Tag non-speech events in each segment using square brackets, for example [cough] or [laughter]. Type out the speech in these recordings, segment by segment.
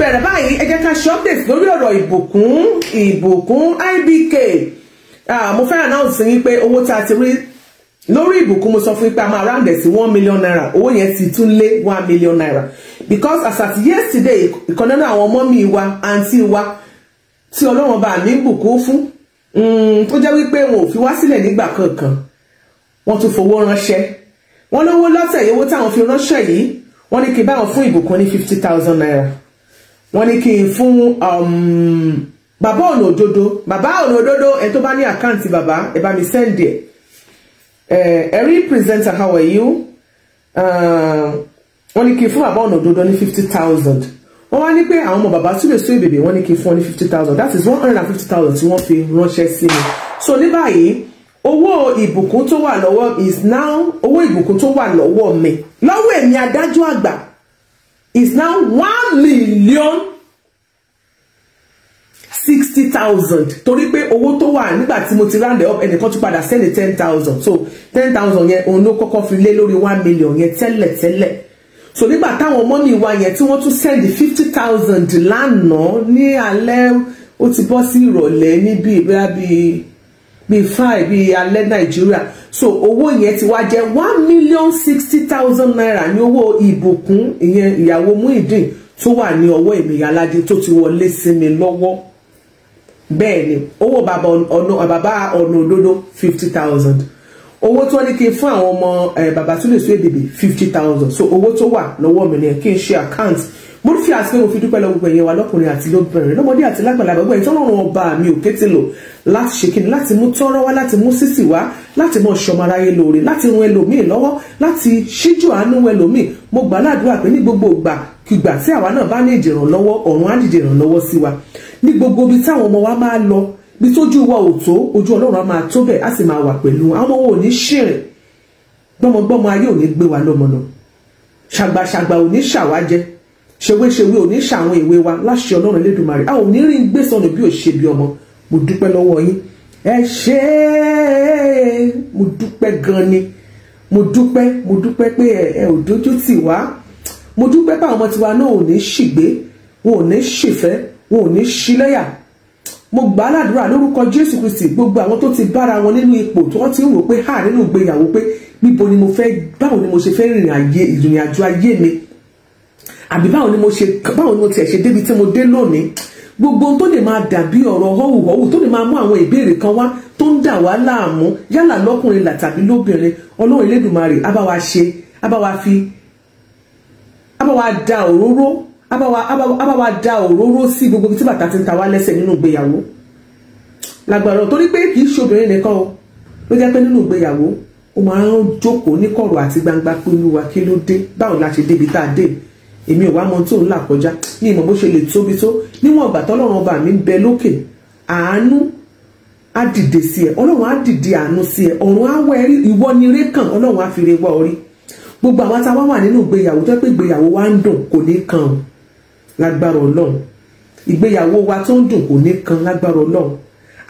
bẹ̀rẹ̀ báyìí ẹ jẹ́ ká ṣe update lórí ọ̀rọ̀ ìbùkún ìbùkún ibk mo fẹ́ announce yín pé owó tá a ti rí lórí ìbùkún mo sọ fún yín pé a máa round sí one million naira owó yẹn ti tún lé one million naira because as at yesterday ìkan nínú àwọn ọmọ mi wa àǹtí wa tí ọlọ́wọ́n bá mi ń bùkún fún mm, tó jẹ́ wípé wọn ò fi wá sílẹ̀ nígbà kankan wọ́n tún fowó ránṣẹ́ wọ́n lówó lọ́tẹ̀ yìí owó táwọn fi ránṣẹ́ yìí wọ́n ní kí báwọn fún ìbùkún ní fifty thousand naira wọ́n ní kí n fún um, bàbá ọ̀nà òdodo bàbá ọ̀nà òdodo ẹ tó bá ní àkáǹtì bàbá ẹ bá mi send ẹ ẹ̀rí presenter how are you uh, wọ́n ní kí n fún bàbá ọ̀nà òdodo ní fifty thousand wọ́n wá ní pé àwọn ọmọ bàbá Sule Suebebe wọ́n ní kí n fún ọ ní fifty thousand that is one hundred and fifty thousand tí wọ́n fi ránṣẹ́ sí mi so ní báyìí owó ìbùkún tó wà lọ́wọ́ is now owó ìbùkún tó wà lọ́wọ́ mi lọ́wọ́ èmi adájọ́ àgbà is now one million sixty thousand torí pé owó tó wà nígbà tí mo ti round up ẹnìkan tún padà send ten thousand so ten thousand yẹn òun ló kọ́kọ́ fi lé lórí one million yẹn tẹ́lẹ̀ tẹ́lẹ̀ so nígbà táwọn mọ́mì wa yẹn tí wọ́n tún send fifty thousand lánàá ní alẹ́ ó ti bọ́ sí ìrọ̀lẹ́ níbi ìbíra bíi bíi five bíi alẹ́ nàìjíríà so owó yẹn ti wá jẹ́ one million sixty thousand naira ní owó ìbùkún ìyẹn ìyàwó Muyideen tó wà ní ọwọ́ Ìmìyáládé tó ti wọlé sí mi lọ́wọ́ bẹ́ẹ̀ ni owó bàbá ọ̀nà bàbá ọ̀nà òdodo fifty thousand owó tó ní kí n fún àwọn ọmọ bàbá tó lè sún èdèbè fifty thousand so owó tó wà lọ́wọ́ mi ni kí n ṣe account mo ń fi àsìkò mo fi dúpẹ́ lọ gbogbo ẹ̀yẹ wa lọ́kùnrin àti lóbìnrin lọ́mọdé àti lágbàlagbà gbogbo ẹ̀yìn tó rọrùn ọba mi ò kété lò láti ṣe kí ni láti mú tọ́rọ́ wá láti mú sísì wá láti mọ ṣọmọ aráyé lóore láti ran ẹlòmíì lọ́wọ́ láti ṣíjú àánú ẹlòmíì mo gbà ládùúrà pé ní gbogbo ìgbà kìgbà tí àwa náà bá ní ìdìrànlọ́wọ́ ọ̀run á dìde ìrànlọ́wọ́ sí wa ní gbogbo ibi táwọn ọmọ wa máa lọ bí tójú wa ò tó ojú ọlọ́run á máa tó bẹ́ẹ̀ á sì máa wà pẹ̀lú àwọn ọmọ wo ò ní ṣìrìn gbọ́mọgbọ́mọ ayé ò ní gbé wa lọ́mọ lọ ṣàgbàṣàgbà ò ní ṣàwájẹ́ ṣewéṣewé ò ní ṣàwọn ìwé wa láṣẹ ọlọ́run elédùnmarè a ò ní rí gbé sọnù bí òṣè bí ọmọ mo dúpẹ́ lọ́wọ́ yín ẹ ṣe é mo dúpẹ́ gan ni mo dúpẹ́ mo dúpẹ́ pé ẹ ò dójú tì wá mo dúpẹ́ pé àwọn ọmọ tiwa náà ò ní ṣìgbé wọn ò ní ṣìfẹ́ wọn ò ní ṣílẹ́yà mo gbà á ládùúrà lórúkọ jésù kristi gbogbo àwọn tó ti bára wọn nínú ipò tí wọ́n ti ń rò pé ha nínú ìgbéyàwó pé níbo ni mo fẹ́ báwo ni mo ṣe fẹ́ rìnrìn àjò ayé mi àbí báwo ni mo ṣe báwo ni mo tiẹ̀ ṣe débi tí mo dé lónìí gbogbo tó lè máa dàbí ọ̀rọ̀ họ́wùhọ́wù tó lè máa mú àwọn ìbéèrè kan wá tó ń dà wá láàmú yálà lọ́kùnrin là tàbí lóbìnrin ọlọ́run elédùnmarè á bá wa ṣe á bá wa fi á bá wa da òróró á bá wa á bá wa da òróró sí gbogbo tí bàtà ti ń ta wá lẹ́sẹ̀ nínú ìgbéyàwó lágbára torí pé kì í ṣe obìnrin nìkan o ló jẹ́ pé nínú ìgbéyàwó ó máa ń jókòó ní kọ̀rọ̀ àti gbangba pé olúwa kí ló dé báwo la ṣe débi tá a dé èmi ò wá mọ tó ń là kọjá ní ìmọ̀ bó ṣe lè tóbi tó níwọ̀n ìgbà tọ́lọ́run ọba mi ń bẹ lókè àánú á dìde sí ẹ ọlọ́run á dìde àánú sí ẹ ọ̀run á wẹ rí ìwọ ni ré kàn ọlọ́run á fi re wá orí gbogbo àwọn tá a wá wà nínú ìgbéyàwó tó pé ìgbéyàwó wa ń dùn kò ní kan o lágbára ọlọ́run ìgbéyàwó wa tó ń dùn kò ní kan lágbára ọlọ́run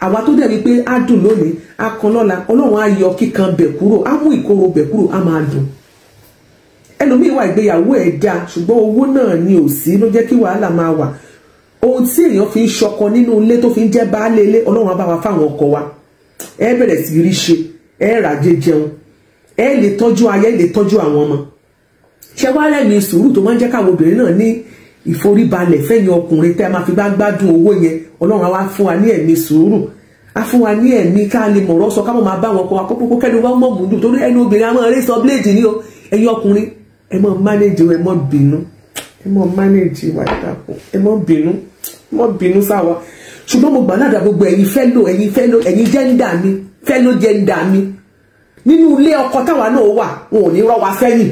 àwa tó dẹ̀ wípé á dùn lónìí á kan lọ́la ọlọ́run á yọ kíkan bẹ̀ kúrò á mú ìkorò bẹ̀ kúrò á máa dùn ẹlòmíín wà ìgbéyàwó ẹ̀ ga ṣùgbọ́n owó náà ni ò sí ló jẹ́ kí wàhálà máa wà ohun tí èèyàn fi ń ṣọkọ nínú ilé tó fi ń jẹ́ baálé ilé ọlọ́run á bá wa fáwọn ọkọ wa ẹ bẹ̀rẹ̀ sí rí ṣe ẹ rà jẹ jẹun ẹ lè tọ́jú ayé ẹ lè tọ́jú àwọn ọmọ ṣé wàá rẹ̀ ní sùúrù tó máa ń jẹ́ káwọn obìnrin náà ní ìforíbalẹ̀ fẹ́yìn ọkùnrin tẹ́ máa fi bá gbádùn owó yẹn ọlọ́run á fún wa ní ẹ̀mí sùúrù á fún wa ní ẹ̀mí ká lè mọ̀rọ̀ sọ ká mọ̀ máa bá wọn kọ́ wa kókó kẹ́ni wọ́n mọ̀ mú torí ẹni obìnrin á máa rí sọ bléèdì ní o ẹ̀yin ọkùnrin ẹ mọ manage ẹ mọ bínú ẹ mọ manage ìwà ìdàpọ̀ ẹ mọ bínú ẹ mọ bínú sáwa ṣùgbọ́n mo gbàládà gbogbo ẹ̀yin fẹ́lò ẹ̀yin fẹ́lò ẹ̀yin jẹ́ńdà mi fẹ́lò jẹ́ńdà mi nínú ilé ọkọ táwa náà wà wọn ò ní rọ́ wa sẹ́yìn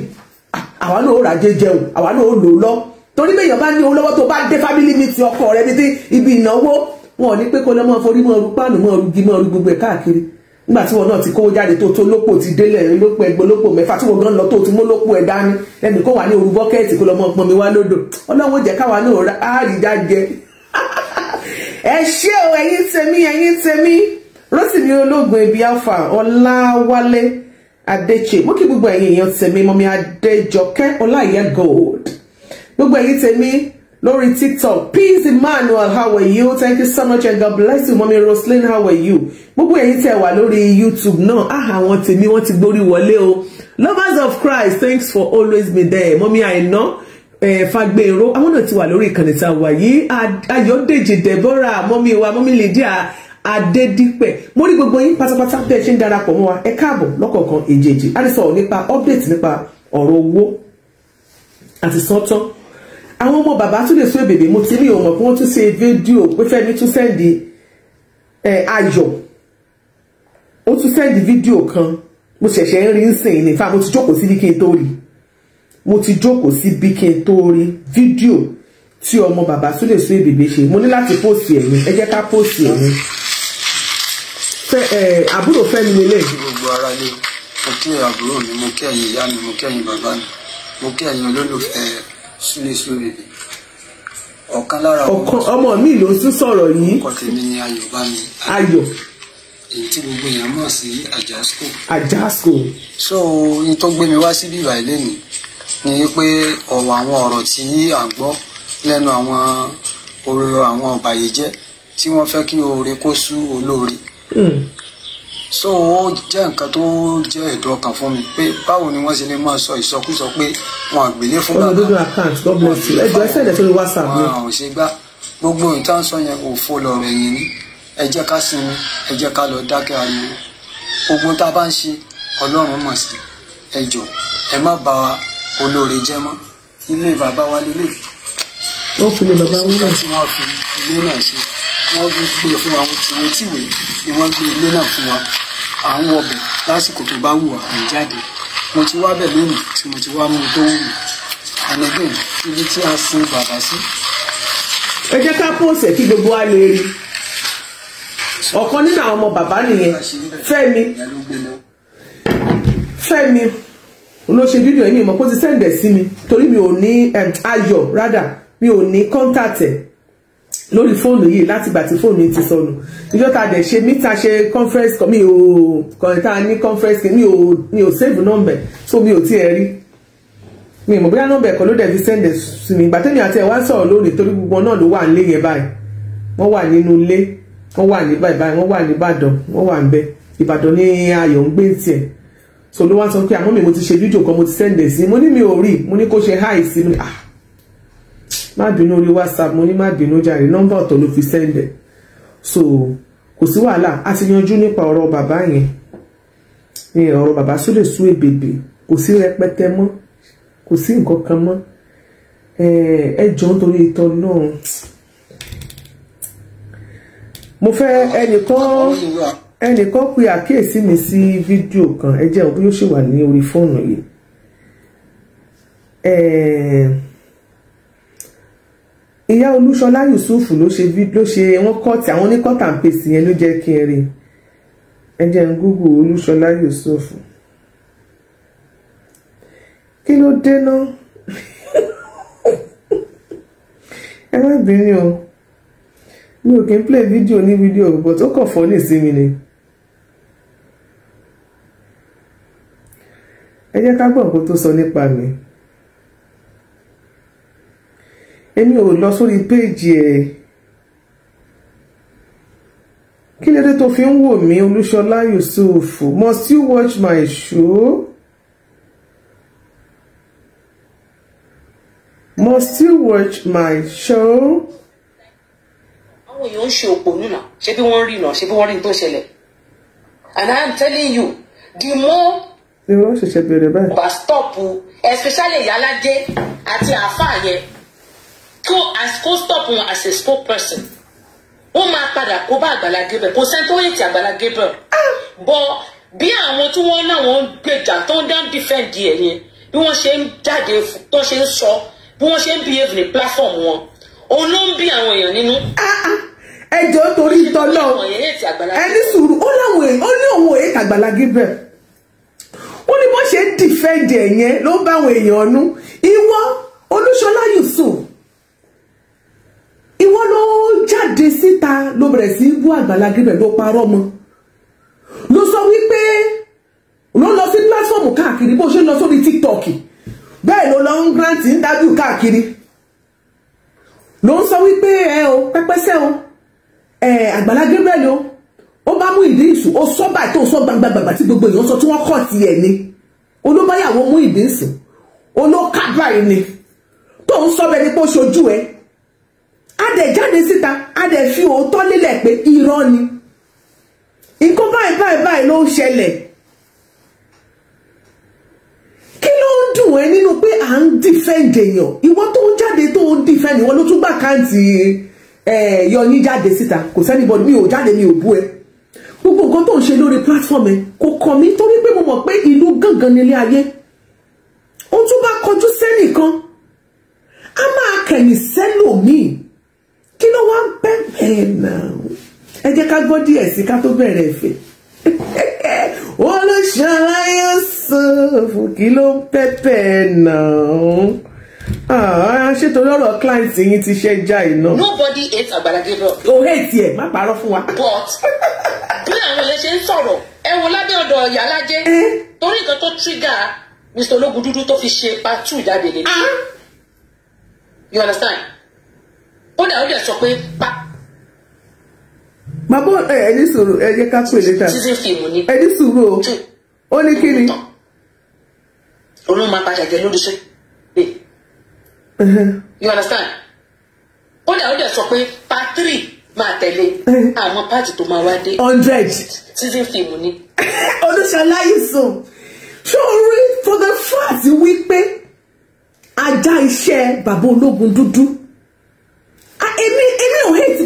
àwa náà ó rà jẹjẹ o àwa náà ó lò lọ torí bẹ́yàn bá ní owó lọ́wọ́ tó bá dé family meeting ọkọ rẹ bíi ibi ìnáwó wọn ò ní pé kó lọ́ mọ́ forí mọ́ ọrú páànù mọ́ ọrú gí mọ́ gbogbo ẹ̀ káàkiri nígbà tí wọn náà ti kówó jáde tó tó lópò ti délẹ̀ lópò ẹgbẹ́ lópò mẹ́fà tí wọn gan lọ tó ti mú lópò ẹ̀ dání ẹnì kó wà ní òru bọ́kẹ́ẹ̀tì kó lọ́mọ pọnmi wá lódò ọlọ́run jẹ́ káwa náà áàrídá jẹ. [laughs] ẹ ṣé o ẹ̀yin tèmi ẹ̀yin tèmi Rótìmí ológun ibi alfa Ọláwálé Adéche mú kí gbogbo ẹ̀yin èèyàn tèmi mọ́mí Adéjọkẹ́ Ọláìyá gold gbogbo ẹ̀yin tèmi Lori tiktok peace emmanuel how are you thank you so much and god bless you mommy roslyn how are you gbogbo ẹ̀yin tẹ̀ wà lórí youtube náà ah àwọn tèmi wọ́n ti gbórí wọlé o lovers of christ thanks for always be there mommy. mọ́mí àìná fagbèrò àwọn náà ti wa Lori ìkànnì tá a wà yìí ayọ̀dèjì deborah mommy wa mommy lydia adédípẹ̀ mo rí gbogbo yín pátápátá bẹ́ẹ̀ ṣe ń darapọ̀ mọ́ wa e káàbọ̀ lọ́kọ̀ọ̀kan èjèèjì a ti sọ̀rọ̀ nípa update nípa ọ̀rọ̀ owó àti sọ́tán àwọn ọmọ bàbá tún lè sọ èbèbè mo ti ní ìhòmọ̀ pé wọ́n tún ṣe fídíò pé Fẹ́mi tún sẹ́ndì ayọ̀ ó tún sẹ́ndì fídíò kan mo ṣẹ̀ṣẹ̀ ń rí ń sìn ní fa mo ti jókòó síbi kí n tó rí mo ti jókòó síbi kí n tó rí fídíò tí ọmọ bàbá tún lè sọ èbèbè ṣe mo ní láti póòsì ẹ̀yìn ẹ jẹ́ ká póòsì ẹ̀yìn àbúrò Fẹ́mi lélẹ̀. gbogbo ara ni mo kí àbúrò mi mo kí ẹ̀yin ìyá mi mo kí ẹ̀yin bàbá mi mo kí ẹ̀yin olólùfẹ́ slowly slowly ni ọ̀kan lára ọ̀kan ọmọ mi ló tún sọ̀rọ̀ yìí ọkọ tèmi ni ayọ̀ bá mi ayọ̀ èyí tí gbogbo èèyàn mọ̀ sí àjàsco àjàsco. so n tó gbé mi wá síbí ìwà ilé ni ni pé ọ̀wọ̀ àwọn ọ̀rọ̀ tí à ń gbọ́ lẹ́nu àwọn oore àwọn ọ̀bàyéjẹ́ tí wọ́n fẹ́ kí oore kó sú olóore hmm so ó jẹ́ nǹkan tó jẹ́ ètò ọkàn fún mi pé báwo ni wọ́n ṣe lè máa sọ ìsọkúsọ pé wọn àgbélé fún bàbá. ọmọ dúdú account god bless you ẹjọ ẹsẹ ẹdẹ sórí whatsapp mi. wọn ò ṣe gbá gbogbo ìtàn sọ yẹn òfo lọ̀rọ̀ yìí ni ẹ jẹ́ ká sinmi ẹ jẹ́ ká lọ dákẹ́ ariwo ogun tá a bá ń ṣe ọlọ́run mọ̀ sí ẹ jọ ẹ má bà olóore jẹ́ mọ́ ilé bàbá wa lélẹ̀. ó fi lè bàbá wúlò. ìgbà tí wọ́n fi ilé náà ṣe wọ́n gbé fún wa tìwé tìwé ni wọ́n gbé ilé náà fún wa à ń wọbẹ̀ lásìkò tó bá wù wá jáde mo ti wá bẹ̀ lónìí tí mo ti wá mú tó wù mí ibi tí a sin bàbá sí. ẹ jẹ́ ká pòsẹ̀ kí gbogbo wa lè rí ọ̀kan nínú àwọn ọmọ bàbá nìyẹn Fẹ́mi Fẹ́mi olóṣè fídíò yìí mi kó ti sẹ́ǹdẹ̀ sí mi torí mi ò ní ayọ̀ rádà mi ò ní kọ́ńtàtẹ̀ lórí fóònù yìí láti ìgbà tí fóònù yìí ti sọnù ìjọ ta dẹ̀ ṣe mítà ṣe conference mi ò kọ̀ǹta ní conference mi ò mi ò save number so mi ò tiẹ̀ rí mi ò mọ̀ bóyá number ẹ̀kọ́ ló dẹ̀ fi send ẹ̀ sí mi ìgbà tẹ́mi àti ẹ̀ wá sọ̀rọ̀ lónìí torí gbogbo náà ló wà nílé yẹn báyìí wọ́n wà nínú ilé wọ́n wà ní báyìí báyìí wọ́n wà ní Ìbàdàn wọ́n wà ń bẹ Ìbàdàn ní ayọ̀ ń gbé tiẹ̀ so ló wá sọ pé àmọ́ mi mo ti ṣe fídíò kan mo ti send ẹ̀ sí mo ní mi ò rí mo ní kó ṣe hi sí mo ah má bínú orí whatsapp mo ní má bínú jàre nọ́mbà ọ̀tọ̀ ló fi sẹ́ndẹ̀ so kò sí wàhálà a ti yanjú nípa ọ̀rọ̀ bàbá yẹn ní ọ̀rọ̀ bàbá sódè sú èbèbè kò sí rẹpẹtẹ mọ́ kò sí nǹkan kan mọ́ ẹ jọ̀ọ́ nítorí ìtọ́ náà mo fẹ́ ẹnìkan ẹnìkan pe àkíyèsí mi sí fídíò kan ẹ jẹ́ òbí yóò ṣì wà ní orí fóònù yìí ìyá olúṣọlá yusuf ló ṣe bí ló ṣe wọn kọ́ọ̀tì àwọn ní kọ́ọ̀tà ń pèsè yẹn ló jẹ́ kí n rí ẹ jẹ́ ń gúgù olúṣọlá yusuf kí ló dé náà [laughs] ẹ má bínú o mi ò kí n play fídíò ní fídíò but ó kàn fọ́ọ̀lì sí mi ni ẹ jẹ́ ká gbọ́ nǹkan tó sọ nípa mi. èmi ò lọ sórí péèjì ẹ̀ kí lédè tó fi ń wò mí olúṣọlá yusuf must you watch my show must you watch my show. àwọn èèyàn ń ṣe òpònú náà ṣé bí wọ́n rí náà ṣé bí wọ́n rí ní tó ṣẹlẹ̀ and I am telling you the more ni wọ́n ṣẹ̀ṣẹ̀ bẹ̀rẹ̀ báyìí. bá stọ́ọ̀pù especially ìyálàjẹ́ àti àáfàá yẹn kó as school stop wọn as a spokesperson wọ́n máa padà kó bá Àgbàlá Gabriel kò sẹ́ni tó hate Àgbàlá Gabriel bọ́ bí àwọn tí wọ́n náà wọ́n gbèjà tó ń dán defend ẹ̀ yẹn bí wọ́n ṣe ń jáde tó ṣe ń sọ bí wọ́n ṣe ń behave ní platform wọn òun ló ń bí àwọn èèyàn nínú. Ah, ah, ẹjọ́ torí tọ́lọ́ ẹni sùúrù ó láwọn èèyàn ó ní òun òye Àgbàlá Gabriel ó ní bó ṣe ń defend ẹ̀ yẹn ló ń bá àwọn èèyàn nú ìwọ Olúṣọlá Yusuf ìwọ ló jáde síta ló bẹ̀rẹ̀ sí bú Àgbàlá Gabriel ló parọ́ mọ́ ló sọ wípé ló lọ sí pílásọ̀mù káàkiri bó ṣe lọ sórí TikTok bẹ́ẹ̀ ló lọ ń grant ń dájú káàkiri ló ń sọ wípé ẹ o pẹ́pẹ́sẹ́ o ẹ Àgbàlá Gabriel o ó bá mú ìdí ìsù ó sọ báyìí tó sọ gbangba tí gbogbo èèyàn sọ tí wọ́n kọ̀ tiẹ̀ ni olóbáyàwó mú ìdí ìsù olókàbáyìí ni tó ń sọ bẹ́ẹ̀ ni pé ó ṣojú ẹ̀ a dẹ̀ jáde síta a dẹ̀ fi òótọ́ lélẹ̀ pé irọ́ ni nǹkan báyìí báyìí báyìí ló ń ṣẹlẹ̀ kí ló ń dùn ẹ́ nínú pé à ń defend èèyàn ìwọ tó ń jáde tó ń defend ìwọ ló tún gbà káǹtì yọyín jáde síta kò sẹ́ni bọ́ọ̀dù mi ò jáde mi ò bú ẹ gbogbo nǹkan tó ń ṣe lórí platform ẹ kò kàn mí torí pé mo mọ̀ pé ìlú gangan nílé ayé ó tún bá kọjú sẹ́nìkan a máa kẹ̀yìn sẹ́lòmíì kí ló wá ń pẹ́ bẹ́ẹ̀ náà ẹ jẹ́ ká gbọ́ díẹ̀ sí ká tó bẹ̀rẹ̀ ẹ̀fẹ̀ [laughs] olùṣàlàyé sọ̀fù kí ló ń pẹ́ bẹ́ẹ̀ náà ah, ṣètòrí ọ̀rọ̀ client yín ti ṣe já iná. nobody hates Agbala Gabriel. o hate ẹ má parọ́ fún wa. but bí àwọn ilé ṣe ń sọ̀rọ̀ ẹ wo lábẹ́ ọ̀dọ̀ ọ̀yà alájẹ́ eh? torí nǹkan tó tírígà Mr. Ológundúdú tó fi ṣe part two jáde lélẹ̀ ah? you understand ó dà ó dẹ̀ sọ pé pa. bàbá ẹ ẹni sùúrù ẹ jẹ́ ká pè létà ẹni sùúrù o ó ní kí ni. olóhùn máa padà jẹ lórí ṣe you understand ó dà ó dẹ̀ sọ pé pa three máa tẹ̀lé àwọn páàtì tó máa wá dé. hundred. season film ni. [laughs] olùṣàlàyìísùn sórí for the fact wípé ajá iṣẹ́ bàbá ológun dúdú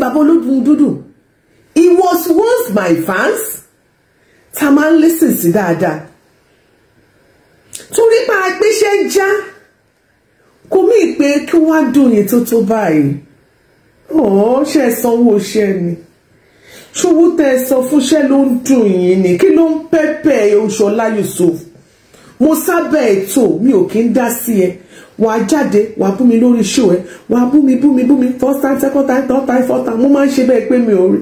bàbá olódùn dúdú he was once my fans ta máa ń listen sí dáadáa torí pa àgbéṣẹ́ já kò mí pé kí wọ́n á dùn yín tó tó báyìí ọ̀ọ́ ṣe sanwó iṣẹ́ ni ṣòwò tẹ ẹ sọ fúnṣẹ́ ló ń dùn yín ni kí ló ń pẹ́pẹ́ Ṣọlá Yusuf mo sábẹ́ ètò mi ò kí ń dá sí ẹ wàá jáde wàá bú mi lórí ṣó ẹ wàá bú mi bú mi bú mi first time second time third time fourth time mo máa ń ṣe bẹ́ẹ̀ pé mi ò rí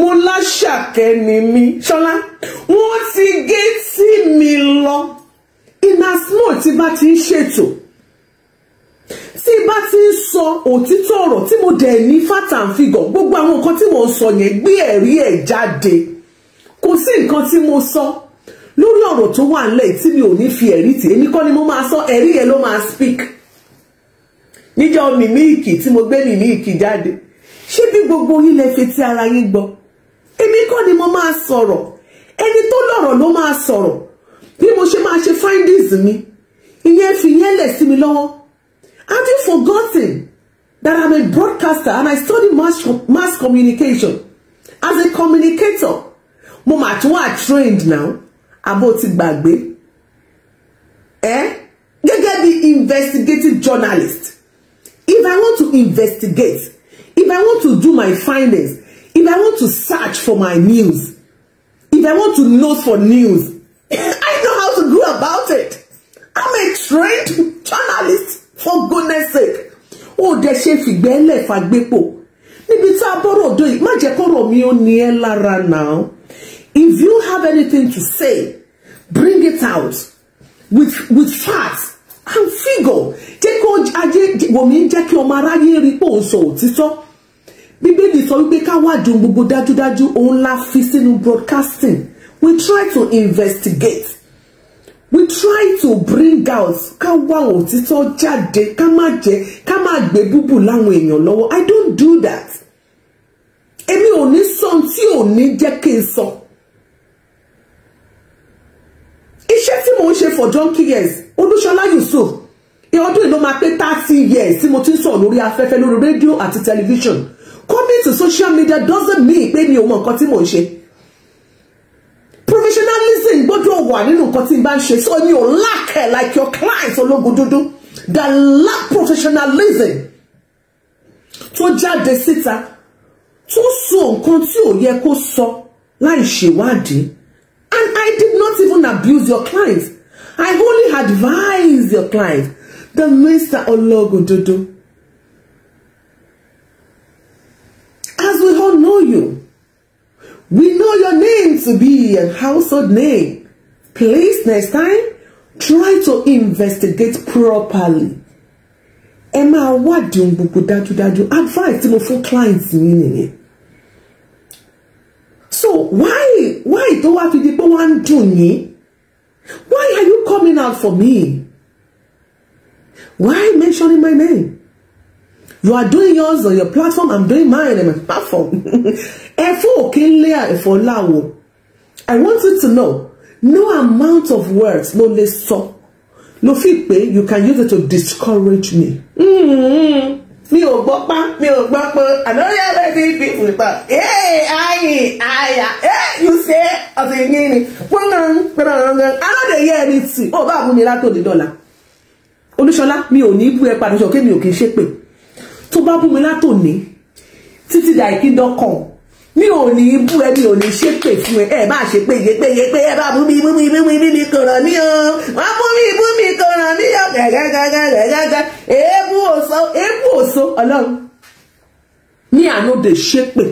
mo láṣàkẹ́ ni mi ṣọlá wọ́n ti gé tí mi lọ iná small tí bá ti ń ṣètò tí bá ti ń sọ òtítọ́ ọ̀rọ̀ tí mo dẹ̀ ní fàtàǹfìgàn gbogbo àwọn nǹkan tí mo sọ yẹn gbé ẹ̀rí ẹ̀ jáde kò sí nǹkan tí mo sọ. So lórí ọ̀rọ̀ tó wà ńlẹ̀ tí mi ò ní fi ẹ̀rí tì èmi kọ́ ni mo máa sọ ẹ̀rí yẹn ló máa speak níjọ́ mímíìkì tí mo gbé mímíìkì jáde ṣé bí gbogbo yín lẹ fetí ara yín gbọ́ èmi kọ́ ni mo máa sọ̀rọ̀ ẹni tó lọ́rọ̀ ló máa sọ̀rọ̀ bí mo ṣe máa ṣe findings mi ìyẹn fi yẹn lẹ̀ sí mi lọ́wọ́ have you forgotten that I'm a broadcaster and I study mass, mass communication as a communicator mo mà tún wà trained now àbó ti gbàgbé ẹ gẹ́gẹ́ bí investigative journalist if I want to investigate if I want to do my findings if I want to search for my news if I want to know for news [coughs] I know how to go about it I'm a trained journalist for goodness sake ó dẹ̀ ṣe fìgbẹ́ lẹ̀ fàgbépo níbi tá a bọ́rọ̀ òdo yìí má jẹ́ kọ́rọ̀ mi ó ní ẹ́ lára náà if you have anything to say bring it out with with facts and figure jẹ́ kí ajé wòmí jẹ́ kí ọmọ aráyé rí pé òun sọ òtítọ́ bíbélì sọ wípé ká wádìí ohun gbogbo dájúdájú òun la fi sínú broadcasting we try to investigate we try to bring out ká wá òtítọ́ jáde ká má jẹ ká má gbé búbù láwọn èèyàn lọ́wọ́ i don't do that èmi ò ní sọ tí ò ní jẹ́ kí n sọ. So iṣẹ́ tí mò ń ṣe for donkey years olúṣọlá yusuf ọdún yìí ló máa pé thirty years tí mo ti ń sọ̀rọ̀ lórí afẹ́fẹ́ lórí rédíò àti tẹlifíṣọ̀n coming to social media doesn't mean pé mi ò mọ nǹkan tí mò ń ṣe professionalism gbọ́dọ̀ wà nínú nǹkan tí n bá ń ṣe so mi ò lákẹ̀ like your clients ológun dúdú The lack professionalism tó jáde síta tó sọ nǹkan tí ò yẹ kó sọ láì ṣèwádìí I did not even abuse your clients. I only advised your clients the Mr. Ologododo, as we all know you, we know your name to be a household name. Please, next time, try to investigate properly. Emma, what do you do? dájúdájú advice clients meaning it. so why why tó wá fi di pé wọ́n á dùn yín why are you coming out for me why mentioning my name you are doing yours on your platform i'm doing mine on my platform [laughs] ẹ̀fọ́ òkè ńlẹ́ ẹ̀fọ́ láwo i want you to know no amount of words ló lè sọ ló fi pé you can use it to discourage me. Mm -hmm mi ò gbọ́ pa mi ò gbọ́ pé àlọ́yà lẹ́bí bíbù pa ee ayin aya ee you say ọ̀sẹ̀ yìí ni pọ́nrán pẹ́rẹ́rẹ́rẹ́ aládèyẹ ẹni tì ó bá mú mi látò ní dọ́là olúṣọlá mi ò ní bú ẹ padà ṣọkẹ́ mi ò kì í ṣépè tó bá bú mi látò ní títí dàìkí dọ́kàn mi ò ní bú ẹ mi ò ní ṣépè fún ẹ ẹ má ṣe pé yé pé yé pé ẹ bá bú mi bú mi bú mi bú mi kò ràn mí o wọn bú mi bú mi kò ràn mí o gàgàgàgàgàgà èébú òso èébú òso ọlọ́run mi I no dey ṣépè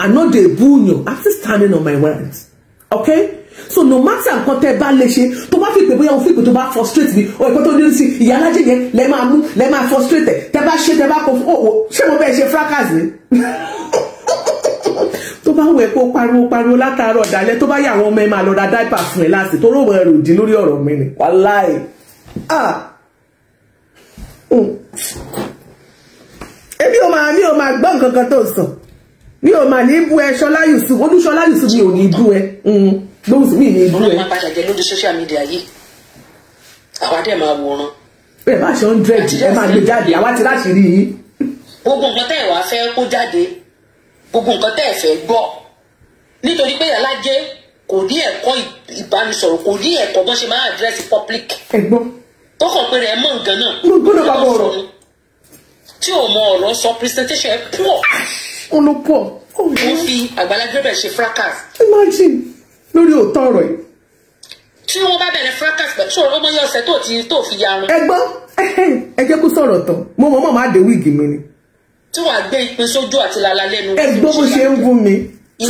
I no dey bú yàn I fit standing on my words okay so no matter nǹkan tẹ́ bá lè ṣe tó bá fi pè bóyá òun fi pè tó bá frustrate mi o ìpẹ́ tó ní sí ìyá alájẹ yẹn lẹ́ máa mú lẹ́ máa frustrate tẹ́ bá ṣe tẹ́ bá kọ fún òwò ṣé mo bẹ́ẹ̀ ṣe fracas ni. [laughs] bá wẹ̀ kó pariwo pariwo látàárọ̀ dalẹ́ tó bá yà àwọn ọmọ ẹ máa lọ ra dáìpà fún ẹ láti tó rò wọ́n ròdì lórí ọ̀rọ̀ mi ni wàláì ah. mm. èmi ò máa mi ò máa gbọ́ nǹkan kan tó sọ mi ò máa ní bú ẹ Ṣọlá Yusuf Olúṣọlá Yusuf mi ò ní bú ẹ gbóhùn mm. mi ní bú ẹ. olùmọ̀ padà jẹ lórí social media yìí àwa dẹ̀ máa wòran. ẹ má ṣe hundred ẹ máa gbé jáde àwa ti láti rí i. gbogbo nǹkan tẹ́ ẹ̀ wá fẹ́ kó jáde gbogbo nǹkan tẹ́ ẹ fẹ́ gbọ́ nítorí pé Alájẹ kò ní ẹ̀kọ́ ìbánisọ̀rọ̀ kò ní ẹ̀kọ́ bọ́n ṣe máa àdírẹ́sì public. ẹ̀gbọ́n. tọkọ pé rẹ mọ nǹkan náà. gbọ́dọ̀ bá bọ̀ ọ̀rọ̀. tí o mọ ọ̀rọ̀ sọ presentation ẹ pọ̀. ó ló pọ̀. ó fi Agbala Gabriel ṣe fracas. imagine lórí òótọ́ ọ̀rọ̀ yìí. tí wọ́n bá bẹ̀rẹ̀ fracas pẹ̀lú ṣòro ọmọ yọ ọ̀sẹ̀ tó ti tó fi yarun. ẹ̀gbọ́n ẹ jẹ́ kó sọ̀rọ̀ tán mo mọ̀ mọ̀ má dé wíìgì mi ni tí wàá gbé ìpín sójú àti lala lẹ́nu. ẹ gbọ́ bó ṣe ń gún mi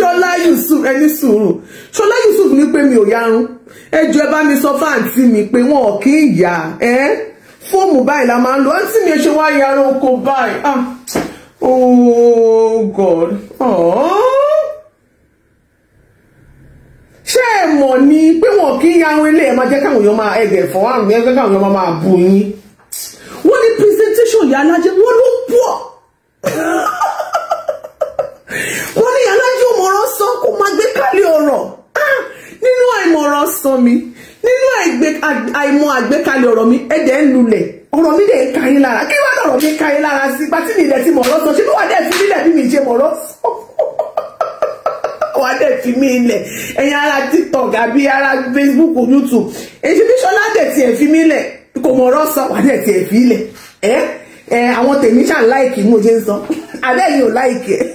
ṣọlá yusuf ẹni sùúrù ṣọlá yusuf ní pé mi ò yarun ẹ jọ̀ọ́ ẹ bá mi sọ fáǹtì mi pé wọn ò kí ń yà ẹ fóòmù báyìí la máa ń lo àǹtí mi ṣe wá yarun oko báyìí ah oh god ṣé ẹ mọ̀ ni pé wọn kì í yarun ilé ẹ máa jẹ́ káwọn èèyàn máa ẹgbẹ̀ fọ́ àrùn ẹ káwọn èèyàn máa bù yín wọ́n ní presentation ìyá alájẹ wọ́n ló wọ́n ní alájọ òmòràn sọ kó máa gbé kálẹ̀ ọ̀rọ̀ ah, nínú àìmọ̀ràn sọ mi nínú àìmọ̀ àgbékalẹ̀ ọ̀rọ̀ mi ẹ̀dẹ̀ ń lulẹ̀ ọ̀rọ̀ mi dẹ̀ ń ka yín lára kí wọ́n lọ̀rọ̀ mi ka yín lára sí pàtí mi ilẹ̀ ti mọ̀rọ̀ sọ ṣé bí wọ́n dẹ̀ fi mí ilẹ̀ bí mi ṣe mọ̀rọ̀ sọ wọ́n dẹ̀ fi mí ilẹ̀ ẹ̀yin ara tiktok àbí ara facebook youtube èyí fi mí ṣọlá dẹ̀ tiẹ̀ fi mí ilẹ̀ kò mọ̀rọ̀ sọ wọ́n dẹ̀ tiẹ̀ fi ilẹ̀ ẹ́ àwọn tèmi ṣàn láìkì mo ṣe ń sọ abẹ́yìn ò láìkì ẹ̀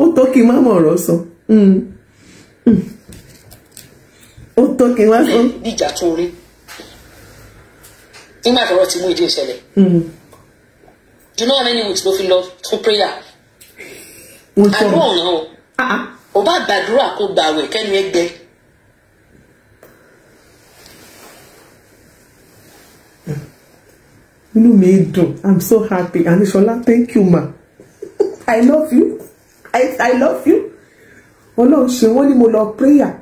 ó tó kí n má mọ̀ ọ̀rọ̀ sọ hmm. ó tó kí n má sọ. ìjà tó rí nígbà tọrọ ti mú ìdí ìṣẹ̀lẹ̀ hmm. do you know how many weeks ló fi lọ fún prayer àdúrà ọ̀nà o ah, ah. ò bá gbàdúrà kó gbàwẹ̀ kẹ́nu ẹgbẹ́. inú mi dùn i'm so happy anisola thank you ma i love you i, I love you ọlọ́run ṣe wọ́n ní mo lọ prayer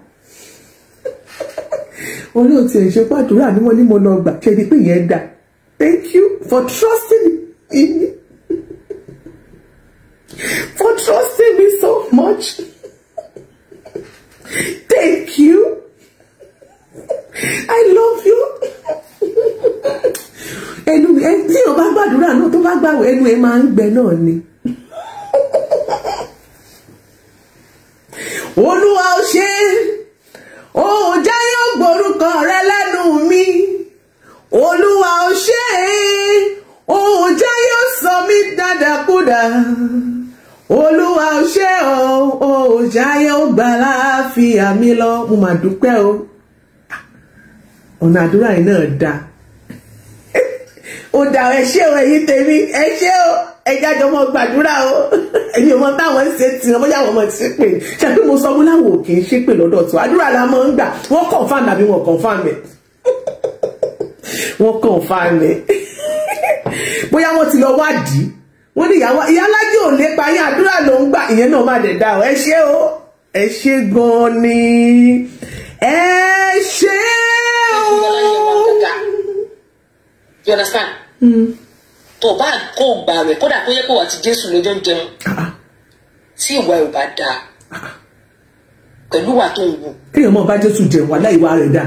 ọlọ́run tiẹ̀ ṣe pàdúrà ni wọ́n ní mo lọ gbà ṣe ni pé ìyẹn dà thank you for trusting me for trusting me so much thank you i love you ẹnu ẹ tí o bá gbàdúrà náà tó bá gbàwẹ̀ ẹnu ẹ máa ń gbẹ náà ni. olúwa ó ṣe ohun jẹ́ yóò rẹ lẹ́nu mi olúwa ó ṣe ohun jẹ́ yóò sọ mí dáadákúdà olúwa ó ṣe ohun jẹ́ yóò gbà láàfin àmì lọ mo mà dúpẹ́ o ọ̀nà àdúrà yìí náà dáa ó dà ẹ ṣé o ẹ̀yin tèmi ẹ ṣé o ẹjá jọ mọ gbàdúrà o ẹ̀yin ọmọ táwọn ń ṣe tìǹà bóyá àwọn ọmọ ti ṣe pé ṣe pé mo sọ wọn láwọn ò kì í ṣe pé lọ́dọ̀ tó àdúrà la máa ń gbà wọ́n confirm àbí wọ́n confirm ẹ̀ wọ́n confirm ẹ̀ bóyá wọ́n ti lọ wádìí wọ́n ní ìyàwó ìyálájì ò lépa yín àdúrà ló ń gbà ìyẹn náà má dẹ̀ dá o ẹ ṣé o ẹ ṣé gan ni ẹ ṣé o. You understand? Hmm. tó bá kó gbà rẹ̀ kódà kó yẹ kó wà ti jésù lójó jẹun ah, ah. tí ìwà ò bá dáa ah, pẹ̀lú wà tó ń wù. kéèyàn mọ̀ bá jésù jẹun wà láì wá rẹ̀ dáa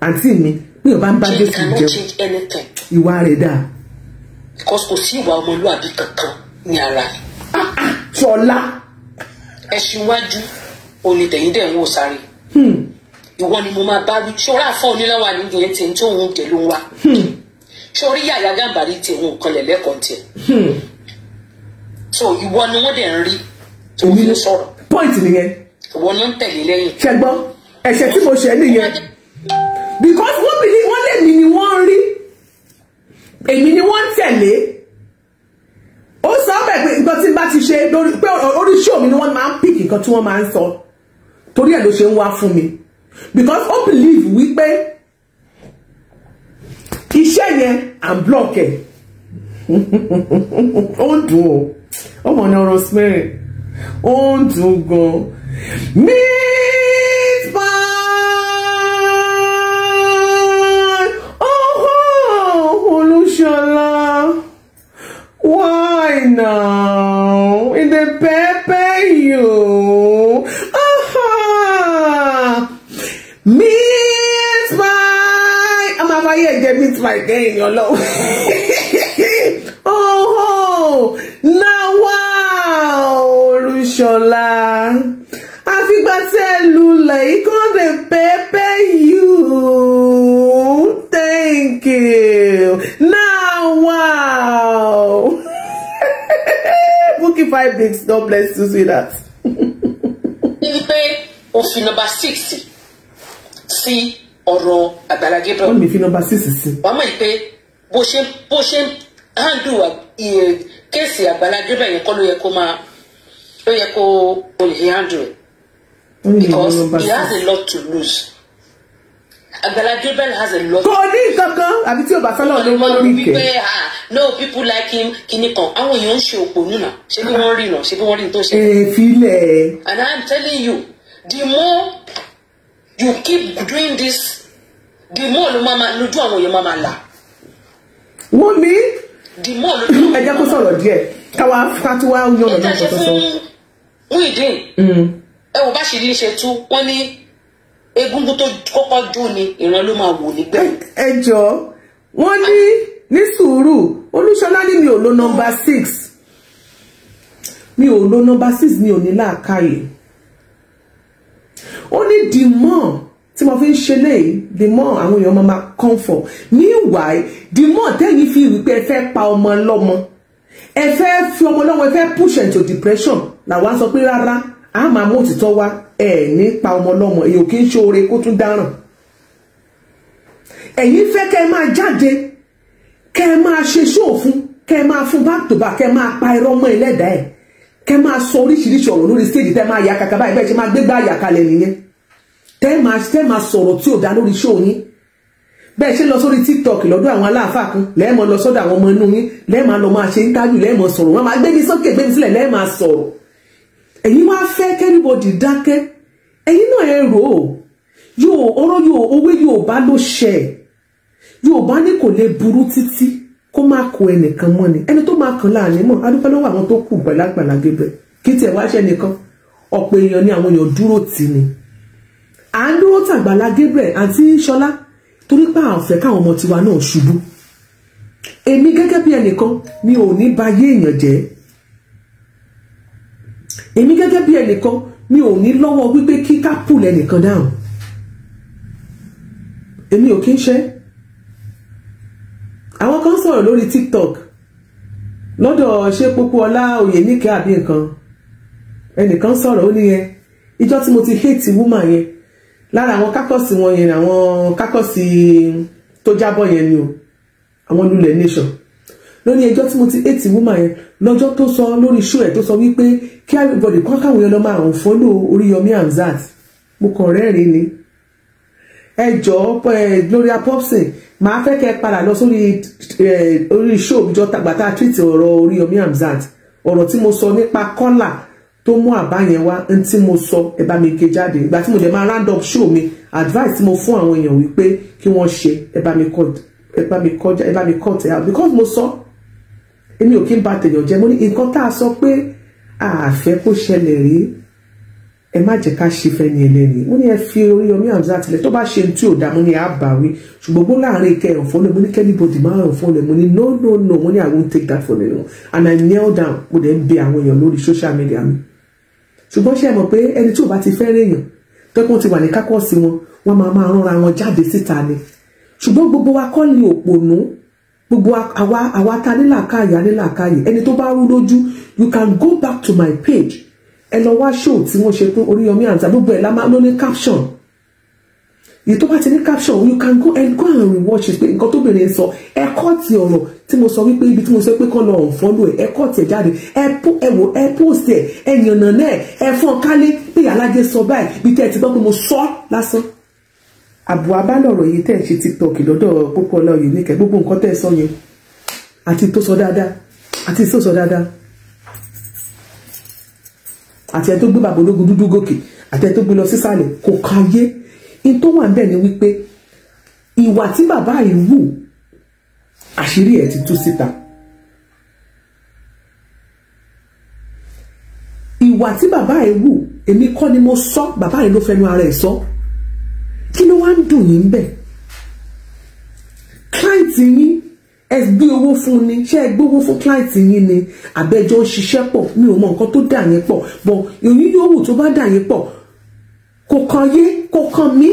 àǹtí mi kéèyàn bá ń bá jésù jẹun ìwà rẹ̀ dáa. because kò sí ìwà ọmọlúwàbí kankan ní ara rẹ̀. ṣọlá. ẹṣin wájú onítẹ̀yìn dẹ̀ ń wò sáré. Hmm ìwọ ni mo máa bá wí ṣọ́ra fún oníláwà níbi yẹn tí n tó ń tẹ̀ ló ń wá hmm. ṣorí yàyà gàmbàrí tí òun kan lẹ̀ lẹ́kọ̀ọ́ tiẹ̀ hmm. so ìwọ ni wọ́n dẹ̀ ń rí tó fi ń sọ̀rọ̀. point nìyẹn. ìwọ ló ń tẹ̀lé lẹ́yìn. ṣẹgbọ́n ẹ̀ṣẹ̀ tí mo ṣẹ̀ nìyẹn because wọ́n bìí wọ́n lé mi ni wọ́n ń rí èmi ni wọ́n ń tẹ̀lé ó sọ ọ́ bẹ̀ pé nǹkan tí bá ti ṣe lórí pé oríṣi òmi ni wọ́n máa ń pìkì nǹkan tí wọ́n máa ń sọ torí ẹ̀ ló ṣe ń wá fún mi because ó believe wípé iṣẹ́ yẹn à ń block ẹ̀ ó ń dùn o ọmọ ní Rosemary ó ń dùn gan mi. Why now? my game ọlọ́wọ́ [laughs] oh now nawa Olúṣọlá àfìgbà tẹ́ ẹ lulẹ̀ yìí kàn lè pẹ́pẹ́ You, thank you Now wow. [laughs] Bookie five bigs God bless you sweetheart. ní pé òfin nọ́mbà six sí ọ̀rọ̀ Agbala Gabriel. wọ́n lè fi nọ́mbà six sí. wàá mọ̀ pé bó ṣe bó ṣe handle kéèsì Agbala Gabriel yẹn kọ́ ló yẹ kó máa ló yẹ kó o lè handle because he has a lot to lose. Agbala Gabriel has a lot. kò ní kankan àbí tí o bá sálọ ló mọ lórí ìkẹ́. wípé ah no people like him kìíní kan àwọn èèyàn ń ṣe òpó nùnà ṣé bí wọ́n rí nà ṣé bí wọ́n rí tó ṣe. èèfilẹ̀. and i'm telling you the more you keep doing this the more ló máa máa lójú àwọn èèyàn máa máa mi the more lójú àwọn èèyàn. ẹ jẹ́ kó sọ̀rọ̀ díẹ̀ káwa fati wá ń yọ̀rọ̀ náà kọ́kọ́ sọ. Muyideen mm. ẹ wò bá ṣe ní í ṣe tú wọ́n ní egungun tó kọ́kọ́ jó ni ìran ló máa wò nígbẹ́. ẹ jọ wọ́n ní ní sùúrù olúṣọlá ní mi ò lo nọ́mbà six mi ò lo nọ́mbà six mi ò la kai the more tí mo fi ń ṣe léyìí the more àwọn èèyàn máa come for meanwhile the more tẹ́yìn fi rí pé ẹ fẹ́ pa ọmọ lọ́mọ ẹ fẹ́ fi ọmọ lọ́mọ ẹ fẹ́ push into depression làwọn á sọ pé rárá a máa mú òtítọ́ wá ẹ ní pa ọmọ lọ́mọ èyí ò kí ń ṣoore kó tún dáràn ẹ̀yin fẹ́ kẹ́ ẹ máa jáde kẹ́ ẹ máa ṣe ṣóòfun kẹ́ ẹ máa fún back to back kẹ́ ẹ máa pa irọ́ mọ́ ẹlẹ́dàá ẹ̀ kẹ́ ẹ máa sọ oríṣiríṣi ọ̀rọ̀ lórí stage tẹ́ ẹ máa yà kàkà báyìí bẹ́ẹ̀ ṣe máa gbégbá àyàkálẹ̀ nìyẹn tẹ́ máa tẹ́ máa sọ̀rọ̀ tí ò dá lórí show yín bẹ́ẹ̀ ṣe lọ sórí tiktok lọ́dọ̀ àwọn aláàfáà kan lẹ́ẹ̀mọ lọ sọ́dọ̀ àwọn ọmọ inú yín lẹ́ẹ̀mọ lọ máa ṣe interview lẹ́ẹ̀mọ sọ̀rọ̀ wọn máa gbé mi sókè gbé mi sílẹ̀ lẹ́ẹ̀mọ sọ̀rọ̀ ẹ̀yin wá fẹ́ kẹ́rìbọ̀dì dákẹ́ ẹ̀yin náà ẹ rò ó yóò ọ̀rọ̀ yóò owó Yorùbá ló ṣẹ Yorùbá ní kò lè burú títí kó má kó ẹnìkan mọ́ ni ẹni tó máa kàn láàrin mọ́ adúpẹ́ lọ́wọ́ à ń dúró tàgbàlá Gabriel àti Ṣọlá torí pé àwọn fẹ́ káwọn ọmọ tiwa náà ṣubú èmi gẹ́gẹ́ bí ẹnìkan mi ò ní ba yé èèyàn jẹ́ èmi gẹ́gẹ́ bí ẹnìkan mi ò ní lọ́wọ́ wípé kí ká ẹnìkan down èmi ò kí ń ṣe àwọn kan sọ̀rọ̀ lórí TikTok lọ́dọ̀ ṣé pópó ọlá òye níkẹ́ àbí nǹkan ẹnìkan sọ̀rọ̀ ó ní yẹn tí mo ti hate woman yẹn lára àwọn kákọ́sì wọn yẹn àwọn kákọ́sì tó jábọ̀ yẹn ni o àwọn lulẹ̀ nation lórí ẹjọ́ tí mo ti eight woman yẹn lọ́jọ́ tó sọ lórí show ẹ̀ tó sọ wípé kí everybody kọ́ káwọn yẹn lọ máa hàn fọ́lọ́ Oríyọmí Hamzat mo kàn rẹ́rìn-ín ni ẹ jọ̀ọ́ Gloria Popson màá fẹ́ kẹ́ ẹ padà lọ sórí orí show ìjọ tàgbàtà treat ọ̀rọ̀ Oríyọmí Hamzat ọ̀rọ̀ tí mo sọ nípa kọ́là tó mú àbá yẹn wá n tí mo sọ ẹ mi gé jáde ìgbà tí mo dẹ̀ máa round up show mi advice tí mo fún àwọn èèyàn wípé kí wọ́n ṣe ẹ bá mi cut ẹ mi cut out because mo sọ èmi ò kí ń ba tèèyàn jẹ mo ní nǹkan tá a sọ pé àfẹ́ kó ṣẹlẹ̀ rí ẹ má jẹ́ ká ṣe fẹ́ ni ẹlẹ́ni mo ní ẹ fi orí ọmí àmúzá tilẹ̀ tó bá ṣe tí ò dá mo ní àbáwí ṣùgbọ́n gbọ́n láàrin ìkẹ́ ẹ̀rọ̀ fọ́lẹ̀ mo ní kẹ́nìbọ̀dì máa rọ̀ fọ́lẹ̀ mo ní no no no mo ní i won't take that for anyone and i kneel down mo dẹ̀ ń bẹ àwọn èèyàn lórí social media mi ṣùgbọ́n ṣe mọ̀ pé ẹni tí ò bá ti fẹ́ rèèyàn tẹ́kùn ti wà ní kákọ́ọ̀sì wọn wọ́n máa máa ránra wọn jáde síta ni ṣùgbọ́n gbogbo wa kọ́ ni òpònú gbogbo àwa àwa ta nílàkàyè nílàkàyè ẹni tó bá rú lójú you can go back to my page ẹ lọ wá show tí wọ́n ṣe fún Oríyọmí àǹtà gbogbo ẹ̀ lá máa ló ní caption èyí tó bá ti ní caption you can go and go and rewatch it pé nǹkan tó bẹ̀rẹ̀ sọ ẹ kọ́ ti ọ̀rọ̀ tí mo sọ wípé ibi tí mo sọ pé kọ́ lọ unfollow ẹ ẹ kọ́ tiẹ̀ jáde ẹ wò ẹ post ẹ ẹ yànnà náà ẹ fún ọ kálé pé alájẹ sọ báyìí bí tẹ́ ẹ ti gbọ́ pé mo sọ lásán. àbò abálọ̀rọ̀ yìí tẹ́ ẹ ṣe tiktok lọ́dọ̀ púpọ̀ ọlá òye níkẹ́ gbogbo nǹkan tẹ́ ẹ sọ yẹn àti tó sọ dáadáa àti tó sọ dáadáa àti in tó wà níbẹ̀ ni wípé ìwà tí bàbá yìí wù àṣírí ẹ̀ ti tú síta ìwà tí bàbá yìí wù èmi kọ́ ni mo sọ bàbá yìí ló fẹnu ara ẹ̀ sọ kí ló wá ń dùn yín bẹ́ẹ̀ kíláìtì yín ẹ gbé owó fún ni ṣé ẹ gbówó fún client yín ni àbẹjọ ń ṣiṣẹ́ pọ̀ mi ò mọ nǹkan tó dà yín pọ̀ bọ̀ èyí yòówù tó bá dà yín pọ̀ kò kàn yé kò kàn mí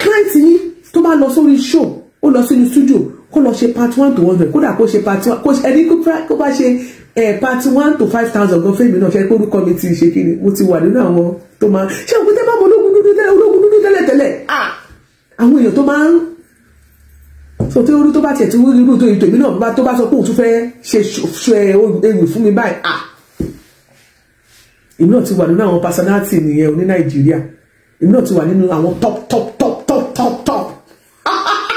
client yín tó bá lọ sórí show ó lọ sínú studio kó lọ ṣe part one to one hundred kódà kó ṣe part one kó ẹni kó bá ṣe eh, part one to five thousand gan fẹ́mi náà ṣe pé orúkọ mi ti ṣe kí ni mo ti wà nínú àwọn tó máa ṣé òkú tẹ́ bá mọ ológun dúdú tẹ́lẹ̀ ológun dúdú tẹ́lẹ̀ tẹ́lẹ̀ ah àwọn èèyàn tó máa ń sọ pé orú tó bá tiẹ̀ ti wúlò irú tó yìí tèmi náà tó bá sọ pé òun tún fẹ́ ṣe ewì fún mi báyìí ah èmi náà ti wà nínú àwọn personality nìyẹn o ní nàìjíríà èmi náà ti wà nínú àwọn top top top top top top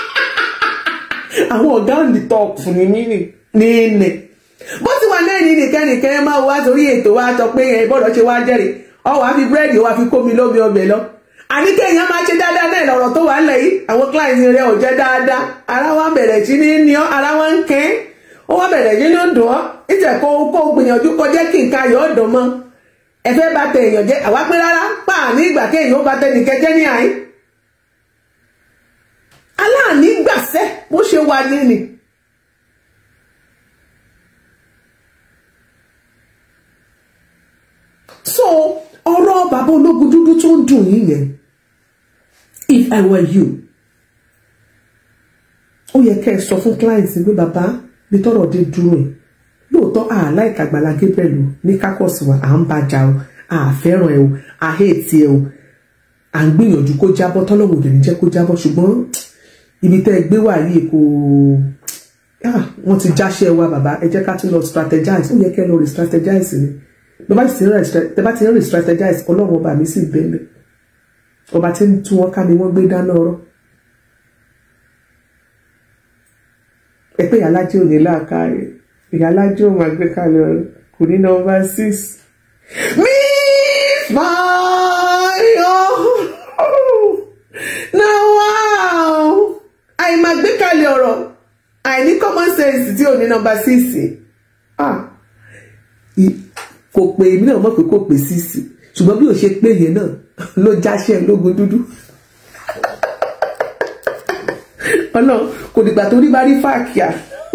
[laughs] àwọn ọ̀gá òǹdí top ni mí ní ní bó ti wà lẹ́yìn nìkẹ́nìkẹ́ ẹ máa wá torí ètò wa sọ pé ẹ bọ́dọ̀ ṣe wá jẹ́rìí ọ wàá fi búrẹ́dì wàá fi kó mi lómi ọbẹ̀ lọ àní kéèyàn máa ṣe dáadáa náà lọ̀rọ̀ tó wà lẹ̀ yìí àwọn client rẹ ò jẹ́ dáadáa ara wa bẹ̀rẹ̀ sí ní ní ọ́ ara wa ń kẹ́ ó wá bẹ̀rẹ̀ sí ní dùn ọ́ ìtẹ̀kọ́ kó gbìyànjú kọjá kí nǹkan ayọ̀ ọ̀dọ̀ mọ́ ẹ fẹ́ bá tẹ èèyàn jẹ́ àwa pé rárá páàní ìgbà kéèyàn ó bá tẹ nìkẹ́ jẹ́ ní àyín aláàní ni. so ọ̀rọ̀ bàbá ológun dúdú tó ń dùn yín yẹn if I were you ó yẹ kẹ́ ẹ sọ fún client pé bàbá mi lóòótọ́ àlá ìkàgbàlá Gabriel ní kákọ́sì wa à ń bàjá o à fẹ́ràn ẹ o à hẹ́ẹ̀tì ẹ o à ń gbìyànjú kó jábọ́ tọ́lọ́wọ́ òdì ní jẹ́ kó jábọ́ ṣùgbọ́n ibi tẹ́ ẹ gbé wà yìí kò wọ́n ti jáṣẹ́ wa bàbá ẹ jẹ́ ká tún lọ strategize ó yẹ kẹ́ lọ re strategize ni bàbá ti ń tẹ́ bá ti ń re strategize ọlọ́run ọba mi sì bẹ́ẹ̀ ọba tí ń tú wọn ká ni wọ́n gbé dáná ọ̀rọ̀ ẹ pé alájẹ òní láàká ìyálájọ́ máa gbé kalẹ̀ kò ní nọ́mbà six. miss mayo na wow àìmàgbékalẹ̀ ọ̀rọ̀ àìní common sense tí ò ní nọ́mbà six ah. kò pé èmi náà mọ̀ pé kò pé six ṣùgbọ́n bí ò ṣe pé yẹn náà ló jáṣẹ́ lógun dúdú ọlọ́run kò dìgbà tó rí bá rí fáàkì à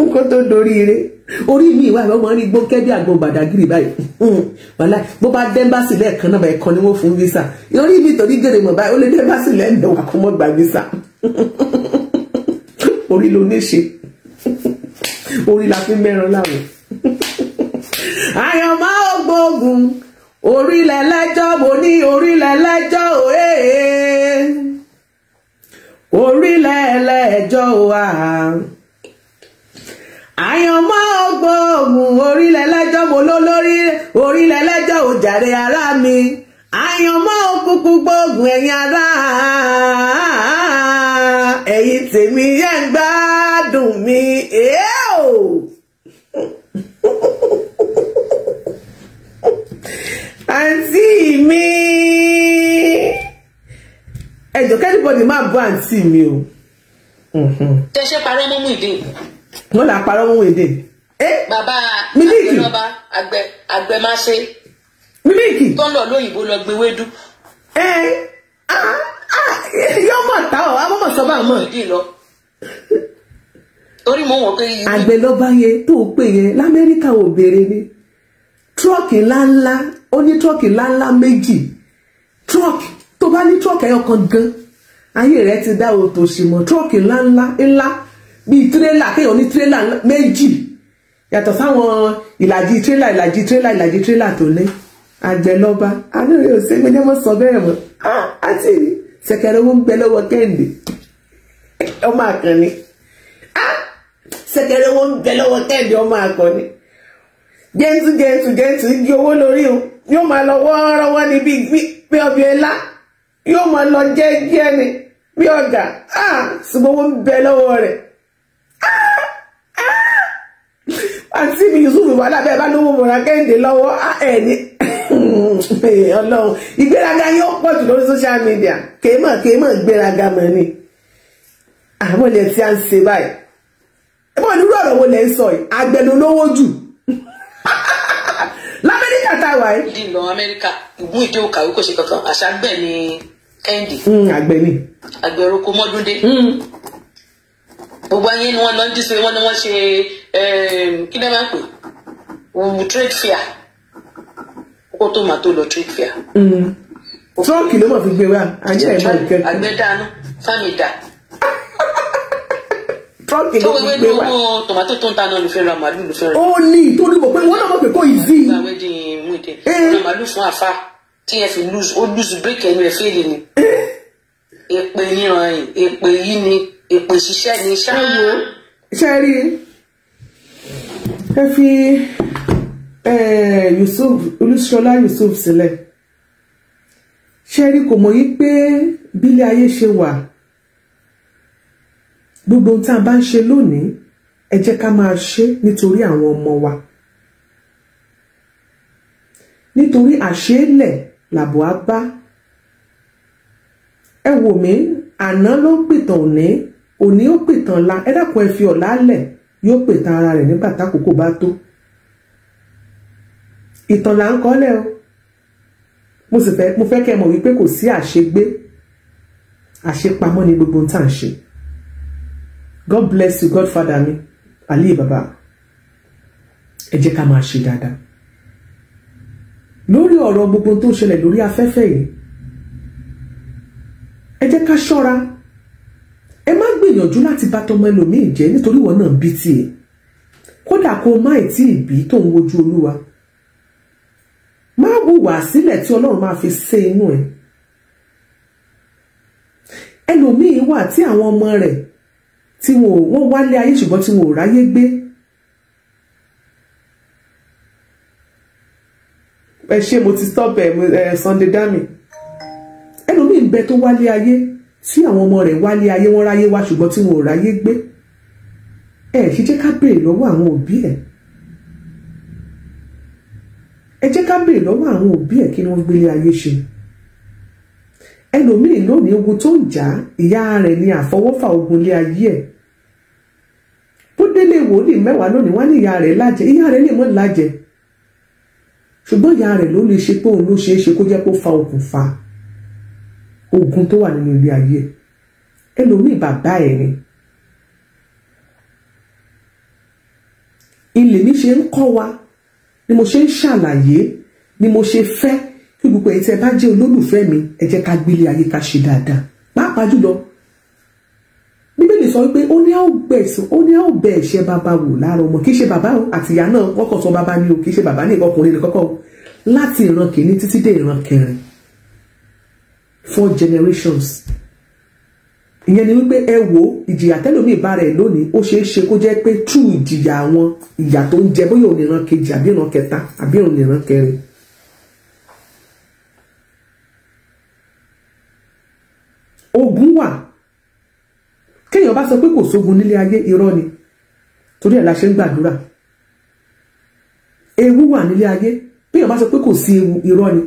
kó tó dorí ire orí mi ìwà ìwà ọmọ rí gbó kẹ́bí àgbọn gbàdágìrì báyìí hmm, wàhálà bó bá dẹ́mbàsì lẹ́ẹ̀kan náà báyìí kan ni wọ́n fún visa orí mi torí gèrè mọ̀ báyìí ó lé dẹ́mbàsì lẹ́ẹ̀mẹ́wàá kó mọ́ gba visa [laughs] orí ló ní ṣe orí la fi mẹ́ran láwọn. àyànmọ́ [laughs] ògbógun orílẹ̀ lẹ́jọ́ mo ní orílẹ̀ lẹ́jọ́ òye orílẹ̀ lẹ́jọ́ wa àyànmọ́ ọgbọ̀ọ̀mù orílẹ̀ lẹ́jọ́ mo ló lórí orílẹ̀ lẹ́jọ́ ò jàre ara mi àyànmọ́ òkùnkùn gbóògùn ẹ̀yin ará ẹ̀yin tèmi yẹn ń gbádùn mi èé o. àǹtí mi ẹjọ kẹ́nìbọ̀dì máa bọ́ àǹtí mi o. tẹ ṣe parẹ́ mímú ìdí wọ́n là ń parọ́ ohun èdè. bàbá àgbẹ̀nọ́ba àgbẹ̀ àgbẹ̀ máa ṣe. mílíkì. tó ń lọ lóyìnbó lọ gbé wédú. ẹ yóò mọ̀ tá ọ̀ abọ́mọ̀ sọ́bà mọ̀. torí mo wọ̀ pé. àgbẹ̀nọ́ba yẹn tó o pè yẹn lamẹ́ríkà ò béèrè ni tírọ́ọ̀kì ńláńlá ó ní tírọ́ọ̀kì ńláńlá méjì tírọ́ọ̀kì tó bá ní tírọ́ọ̀kì ẹyọ kan gan ayé rẹ ti dá o tòṣì mọ́ tírọ́ọ̀kì ńláńlá ńlá bíi tírélà kéèyàn ní tírélà méjì yàtọ̀ sáwọn ìlàjì tírélà ìlàjì tírélà ìlàjì tírélà tó lé àgbẹ̀lọ́ba àlórí òsè mi ní wọ́n sọ bẹ́ẹ̀ mọ́ àti ṣẹ̀kẹ̀rẹ̀ owó ń bẹ lọ́wọ́ kẹ́hìndé ọmọ àkànni ṣẹ̀kẹ̀rẹ̀ owó ń bẹ lọ́wọ́ kẹ́hìndé ọmọ àkànni gẹ́ntù gẹ́ntù gẹ́ntù igi owó lórí o yóò máa lọ wọ́ọ́rọ́wọ́ ni bí ọbẹ̀ ẹlá yóò máa lọ jẹ́ jẹ́ ni bí ọ̀gá ṣùgbọ́n owó ń bẹ lọ́wọ́ rẹ̀ àǹtí mi Yusuf wàhálà bẹ́ẹ̀ bá lówó mọ̀ra kẹ́hìndé lọ́wọ́ ẹ̀ ní [coughs] ọlọ́run ìgbéraga yóò pọ̀ jù lórí social media kéèmọ̀ kéèmọ̀ ìgbéraga mọ̀ ni àwọn ilẹ̀ tí a ń ṣe báyìí ẹ̀mọ́ nírú ọ̀rọ̀ wo lẹ̀ ń sọ yìí agbẹnu lówó jù [laughs] lamẹ́ríkà tá a wà yìí. lílọ amẹ́ríkà ìgún ìdí òkà wí kò ṣe kankan àṣà gbẹ̀ ni kẹ́hìndé. Hmm, àgbẹ̀ ni. àgbẹ̀ roko mọ́dúndé. Hmm gbogbo ayé ni wọ́n lọ ń dísè wọ́n ni wọ́n ṣe ehm, kí lẹ́ máa ń pè wù trade fair kókó tó máa tó lọ trade fair. Mm. tọ́ọ̀kì ló mọ̀ fi gbé wa àyè ẹ̀ máa kẹ́kọ̀ọ́. àgbẹ̀dánú fámì dà trump ló ń gbé wa. tomato tó ń ta náà ló fẹ́ ra màálù ló fẹ́ ra. ó ní torí mo pé wọ́n náà mọ̀ pé kò ìzí. ìgbà wedding mú ìdè eh. ra màálù fún àfa tí ẹ fi lose ó lose break ẹnu ẹ fẹ́ẹ̀lì ni. Eh. èpè yíran èpè yí ni èpè ṣiṣẹ́ ni iṣẹ́. ẹ ṣe rí ẹ fi Yusuf Olúṣọlá Yusuf sílẹ̀ ṣe rí kò mọ̀ yí pé bílé ayé ṣe wà gbogbo ohun tá a bá ń ṣe lónìí ẹ jẹ́ ká máa ṣe nítorí àwọn ọmọ wa nítorí àṣeélẹ̀ làbọ̀ á bá ẹ wò mí àná ló ń pìtàn òní òní ó pè tán la ẹ dákun ẹ fi ọ̀la lẹ̀ yóò pè tán ara rẹ̀ nígbà tákòókò bá tó ìtàn là ń kọ́lẹ̀ o mo sì fẹ́ mo fẹ́ kẹ́ ẹ mọ̀ wípé kò sí àṣegbé àṣepamọ́ ni gbogbo tá à ń ṣe God bless you Godfather mi Aliyu baba ẹ jẹ́ ká máa ṣe dáadáa lórí ọ̀rọ̀ gbogbo tó ń ṣẹlẹ̀ lórí afẹ́fẹ́ yìí ẹ jẹ́ ká ṣọ́ra ẹ má gbìyànjú láti bá tọmọ ẹlòmíì jẹ nítorí ìwọ náà bí tiẹ̀ kódà kó má ì tí ì bí tó ń wojú olúwa má hùwà sílẹ̀ tí ọlọ́run máa fi sé inú ẹ ẹlòmíì wà tí àwọn ọmọ rẹ̀ tí wọn ò wọ́n wálé ayé ṣùgbọ́n tí wọn ò ráyé gbé ẹ ṣé mo ti stop ẹ eh, eh, Sunday dami ẹlòmíì ń bẹ tó wálé ayé tí àwọn ọmọ rẹ̀ wálé ayé wọn ráyé wá ṣùgbọ́n tí wọn ò ráyé gbé ẹ ṣe jẹ́ ká béèrè lọ́wọ́ àwọn òbí ẹ̀ ẹ jẹ́ ká béèrè lọ́wọ́ àwọn òbí ẹ̀ kí ni wọ́n gbélé ayé ṣe ẹlòmíì lónìí ogun tó ń jà ìyá rẹ̀ ni àfọwọ́fà ogun lé ayé ẹ̀ bó délé wòlíì mẹ́wàá lónìí wọ́n ní ìyá rẹ̀ lájẹ ìyá rẹ̀ lè mọ́ lájẹ ṣùgbọ́n ìyá rẹ̀ ló lè ṣe pé òun ló ṣeé ṣe kó jẹ́ kó fa okùnfà ogun tó wà nínú ilé ayé ẹlòmíì bàbá ẹ̀ ni ilé mi ṣe ń kọ́ wa ni mo ṣe ń ṣàlàyé ni mo ṣe fẹ́ kí gbogbo ẹ̀ tí ẹ bá jẹ́ olólùfẹ́ mi ẹ jẹ́ ká gbélé ayé ká ṣe dáadáa pàápàá jùlọ bíbélì sọ pé ó ní a ó bẹ ẹ̀ṣẹ̀ bàbá wò lára ọmọ kì í ṣe bàbá o àti ìyá náà kọ́kọ́ sọ bàbá ni o kì í ṣe bàbá ní ìkọkùnrin ní kọ́kọ́ láti ìran kìíní títí dé ìran kẹrin four generations ìyẹn ni wípé ẹ wo ìjìyà tẹlómi ìbára ẹ lónìí ó ṣeé ṣe kó jẹ́ pé tú ìjìyà àwọn ìyà tó ń jẹ bóyá òníran kejì àbí ìran kẹta àbí òníran kẹrin. ogun wà kéèyàn bá sọ pé kò sógun nílé ayé irọ́ ni torí ẹ̀ la ṣe ń gbàdúrà ewu wà nílé ayé kéèyàn bá sọ pé kò sí ewu irọ́ ni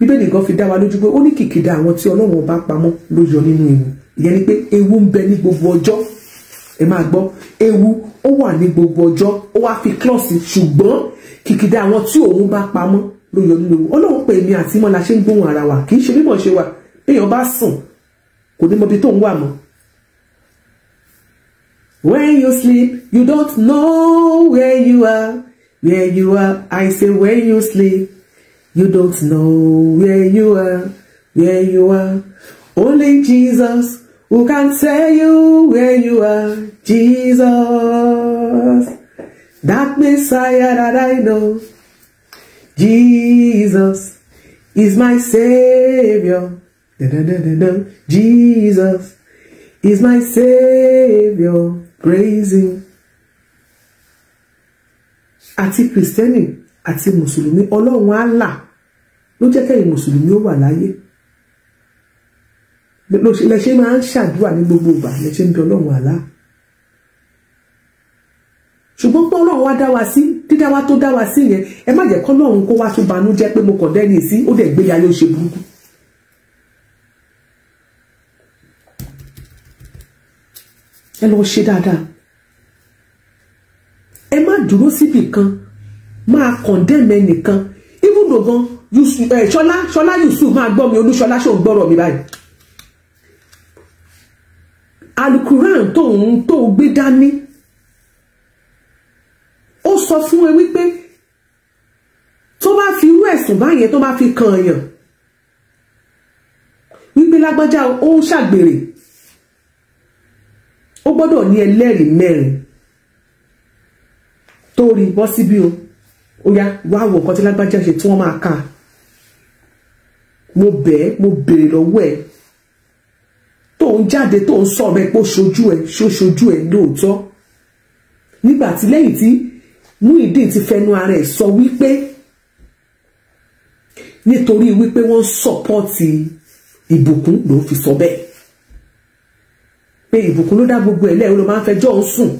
bíbélì gan fi dá wa lójú pé ó ní kìkìdá àwọn tí ọlọ́run ọba pamọ́ ló yọ nínú ewu ìyẹn ni pé ewu ń bẹ ní gbogbo ọjọ́ ẹ máa gbọ́ ewu ó wà ní gbogbo ọjọ́ ó wá fi klọ́ọ̀sì ṣùgbọ́n kìkìdá àwọn tí òun bá pamọ́ ló yọ nínú ewu ọlọ́run pè mí àti mọ́ la ṣe ń gbóhùn ara wa kì í ṣe bímọ ṣe wà èèyàn bá sùn kò ní mọ ibi tó ń wà mọ́ When you sleep, you don't know where you are. Where you are, I say when you sleep, You don't know where you are, where you are. Only Jesus who can tell you where you are. Jesus, that Messiah that I know. Jesus is my Savior. Da, da, da, Jesus is my Savior. Praising. Àti Kristẹni àti mùsùlùmí ọlọ́run á là ló jẹ́ kẹ́yìn mùsùlùmí ó wà láyé lẹ́ṣẹ̀ máa ń ṣàdúrà ní gbogbo ìgbà lẹ́ṣẹ̀ ń bẹ ọlọ́run àlá ṣùgbọ́n pé ọlọ́run wá dá wa sí dídá wa tó dá wa sí yẹn ẹ má jẹ́ kọ́ lọ́run kó wá tó banú jẹ́ pé mo kàn dẹ́ni sí ó dẹ̀ gbé ayé ó ṣe burúkú. ẹ lọ ṣe dáadáa ẹ má dúró síbì kan máa condemn ẹnìkan even though gan eh, ṣọlá ṣọlá yusuf máa gbọ́ mi olúṣọlá ṣó ń gbọ́rọ̀ mi báyìí alukuran tó ń tó gbé dání ó sọ fún ẹ wípé tó bá fi irú ẹ̀sùn báyẹn tó bá fi kan èèyàn wípé lágbájá ó ń ṣàgbèrè ó gbọ́dọ̀ ní ẹlẹ́rìí mẹ́rin tó rí bọ́ síbí o ó yá wá wo nǹkan tí lágbájá ṣe tí wọ́n máa kà mo bẹ̀ẹ́ mo béèrè lọ́wọ́ ẹ̀ tó ń jáde tó ń sọ̀rọ̀ ẹ̀ pé ó ṣojú ẹ̀ ṣó ṣojú ẹ̀ lóòótọ́ nígbà tí lẹ́yìn tí Muyideen ti fẹnu ara ẹ̀ sọ wípé nítorí wípé wọ́n sọ̀pọ́ọ̀tì ìbùkún ló fi sọ bẹ́ẹ̀ pé ìbùkún ló dá gbogbo ẹ̀ lẹ́yìn ló máa ń fẹjọ́ sùn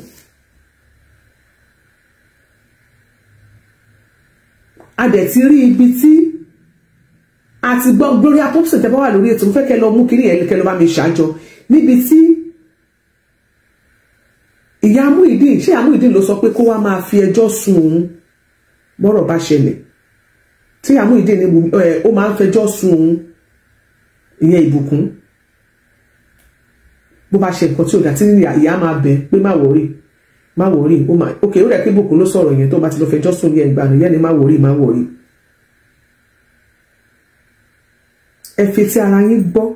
a dẹ̀ ti rí ibi tí a ti gbọ́ Gloria Thompson tẹ́ bá wà lórí ètò mo fẹ́ kẹ́ lọ mú kiri yẹn kẹ́ lọ bá mi ṣàjọ níbi tí ìyá Muyideen ṣé ìyá Muyideen ló sọ pé kó wá máa fi ẹjọ́ sun òun bọ́rọ̀ bá ṣẹlẹ̀ tí ìyá Muyideen ní ó máa ń fẹjọ́ sun òun ìyẹn ìbùkún bó bá ṣe nǹkan tí ò dá tí ìyá máa bẹ pé má wọrí má wòrí ó máa ok ó rẹ̀ pé bùkún ló sọ̀rọ̀ yẹn tó bá ti lọ fẹjọ́ sórí ẹgbàá nìyẹn ni má wòrí má wòrí. ẹ fetí ara yín gbọ́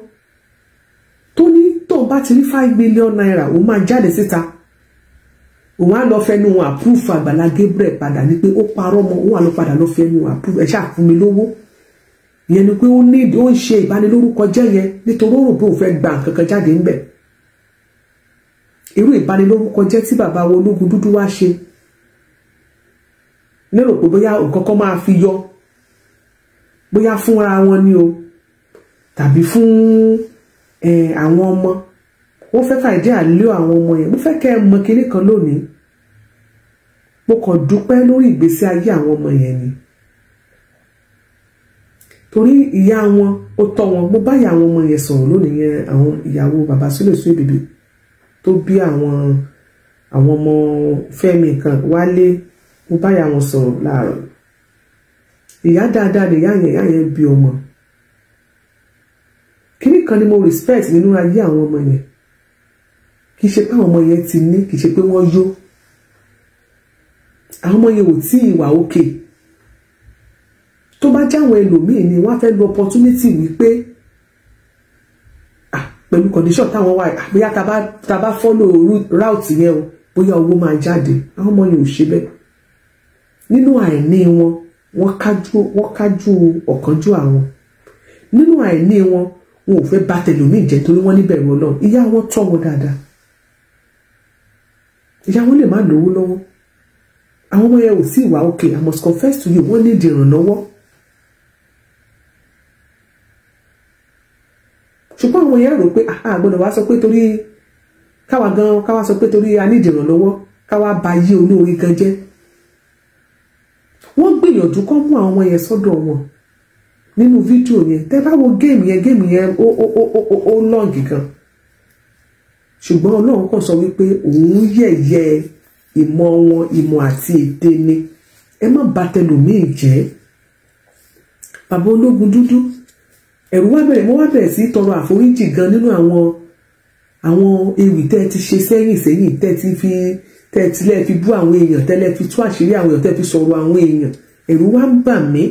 tó ní tó bá ti rí five million naira òun máa jáde síta òun á lọ fẹnu àpúrúfù Àgbàlá Gabriel padà ní pé ó parọ́ mọ́ òun á lọ padà lọ fẹnu àpúrúfù ẹ̀ ṣáà fún mi lówó ìyẹn ni pé ó ń ṣe ìbanilórúkọ jẹ́ yẹn nítorí ó rò pé òun fẹ́ gba nǹkan kan jáde ńbẹ̀ irú ìbanilórúkọ jẹ́ tí bàbá wa ológun dúdú wá ṣe lérò pé bóyá nǹkan kan máa fi yọ bóyá fúnra wọn ni o tàbí fún àwọn ọmọ ó fẹ́ fàìdí àlè àwọn ọmọ yẹn mo fẹ́ kẹ́ ẹ mọ kinní kan lónìí mo kàn dúpẹ́ lórí ìgbésí ayé àwọn ọmọ yẹn ni torí ìyá wọn ó tọ́ wọn mo bá ìyá àwọn ọmọ yẹn sọ̀rọ̀ lónìí yẹn àwọn ìyàwó bàbá Sule Suebebe tó bí àwọn àwọn ọmọ Fẹ́mi kan Wálé mo báyà wọn sọ̀rọ̀ láàárọ̀ ìyá dáadáa ni ìyá yẹn ìyá yẹn bí ọmọ kíní kan ni mo respect nínú ayé àwọn ọmọ yẹn kì í ṣe pé àwọn ọmọ yẹn ti ní kì í ṣe pé wọ́n yó àwọn ọmọ yẹn ò tí ì wà òkè tó bá jáwọn ẹlòmíín ni wọ́n á fẹ́ lo opportunity wípé pẹ̀lú condition táwọn wà bóyá tá a bá follow route yẹn o bóyá owó máa jáde àwọn ọmọ yẹn ò ṣe bẹ́ẹ̀ nínú àìní wọn wọ́n kájú wọ́n kájú ọ̀kánjú àwọn nínú àìní wọn wọn ò fẹ́ bà tẹlòmíì jẹ́ torí wọ́n níbẹ̀rù ọlọ́run ìyá wọn tọ́ wọn dáadáa ìyá wọn lè má lówó lọ́wọ́ àwọn ọmọ yẹn ò sí ìwà okay I must confess to you wọ́n ní ìdìrànlọ́wọ́ káwọn èèyàn rò pé àgbọ̀dọ̀ ah, wá sọ pé torí káwa gan káwa sọ pé torí a ní ìdìrànlọ́wọ́ káwa ba yí olóore gan jẹ́ wọ́n gbìyànjú kọ́ mú àwọn yẹn sọ́dọ̀ wọn nínú fídíò yẹn tẹ́ bá wo géèmù yẹn géèmù yẹn ó ó ó ó ó lọ́ọ̀gì gan ṣùgbọ́n ọlọ́run kàn sọ wípé òun yẹ̀yẹ́ ìmọ̀ wọn ìmọ̀ àti ète ni ẹ má bà tẹlòmíì jẹ́ bàbá ológun dúdú ẹ̀rù wá bẹ̀rẹ̀ mo wá bẹ̀rẹ̀ sí tọrọ àforíjì gan nínú àwọn àwọn ewì tẹ́ ẹ ti ṣe sẹ́yìn sẹ́yìn tẹ́ ti fi tẹ́ ẹ tilẹ̀ fi bú àwọn èèyàn tẹ́lẹ̀ fi tú àṣírí àwọn èèyàn tẹ́ fi sọ̀rọ̀ àwọn èèyàn ẹ̀rù wá ń bà mí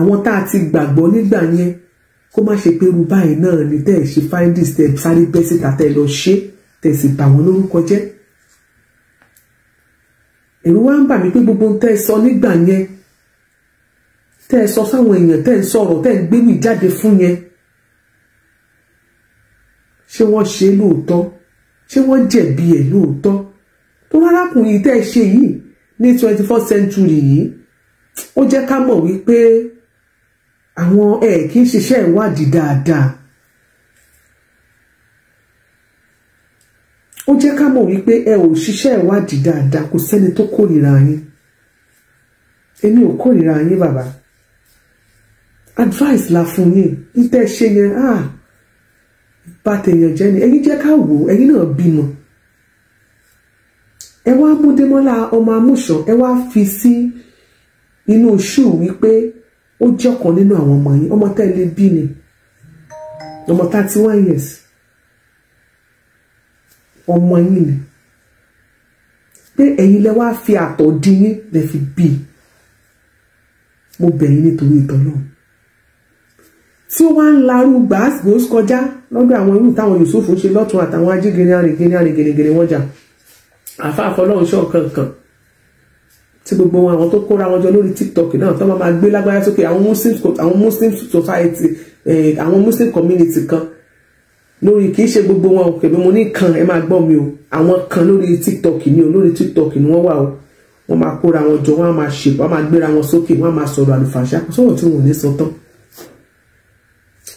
àwọn tá a ti gbàgbọ́ nígbà yẹn kó má ṣe pé irú báyìí náà ni tẹ́ ẹ ṣe this tẹ́ ẹ sáré bẹ́ síta tẹ́ ẹ lọ ṣe tẹ́ ẹ sì bà wọ́n lórúkọ jẹ́ ẹ̀rù wá ń bà mí pé gbogbo tẹ́ ẹ sọ nígbà yẹn tẹ́ ẹ sọ sáwọn èèyàn tẹ́ ẹ sọ̀rọ̀ tẹ́ ẹ gbé mi jáde fún yẹn ṣé wọ́n ṣe lóòótọ́ ṣé wọ́n jẹ̀bi ẹ̀ lóòótọ́ tó arákùnrin tẹ́ ẹ ṣe yìí ní twenty fourth century yìí ó jẹ́ ká mọ̀ wípé àwọn ẹ̀ kì í ṣiṣẹ́ ìwádìí dáadáa. ó jẹ́ ká mọ̀ wípé ẹ ò ṣiṣẹ́ ìwádìí dáadáa kò sẹ́ni tó kórìíra yín èmi ò kórìíra yín bàbá advice la fún yín níta ẹ ṣe ah bá tèèyàn jẹ́ ni ẹ̀yin jẹ́ ká wò ó ẹ̀yin náà bímọ ẹ wá mú Démọ́lá ọmọ amúṣàn ẹ wá fi sí inú ṣù wípé o jẹ́ ọ̀kan nínú àwọn ọmọ yín ọmọ tẹ́ lè bí ni ọmọ thirty one years ọmọ yín ni pé ẹ̀yin lẹ wá fi àtọ̀ dín yín lẹ fi bí mo bẹ̀ yín nítorí ìtọ́lọ́run tí ó wá ń larú gbàásìgbòs kọjá lọ́dọ̀ àwọn irú táwọn Yusuf ṣe lọ́tún àtàwọn ajígiri arìnrìn arìngèrègèrè wọn jà àfáàfọ́ ọlọ́run ṣọ́ kankan tí gbogbo wọn àwọn tó kóra wọn jọ lórí TikTok náà tó máa gbé lágbára sókè àwọn Muslim àwọn Muslim society eh, àwọn Muslim community kan lórí kì í ṣe gbogbo wọn òkè bí mo ní kan ẹ máa gbọ́ mi o àwọn kan lórí TikTok ni o lórí TikTok ni wọ́n wà o wọ́n máa kóra wọn jọ wọ́n á máa ṣèpọ̀ wọ́n á máa gbéra wọn sókè wọ́n á máa sọ̀rọ̀ àlùfàṣà sọ̀rọ̀ tí wọn ò ní sọ tán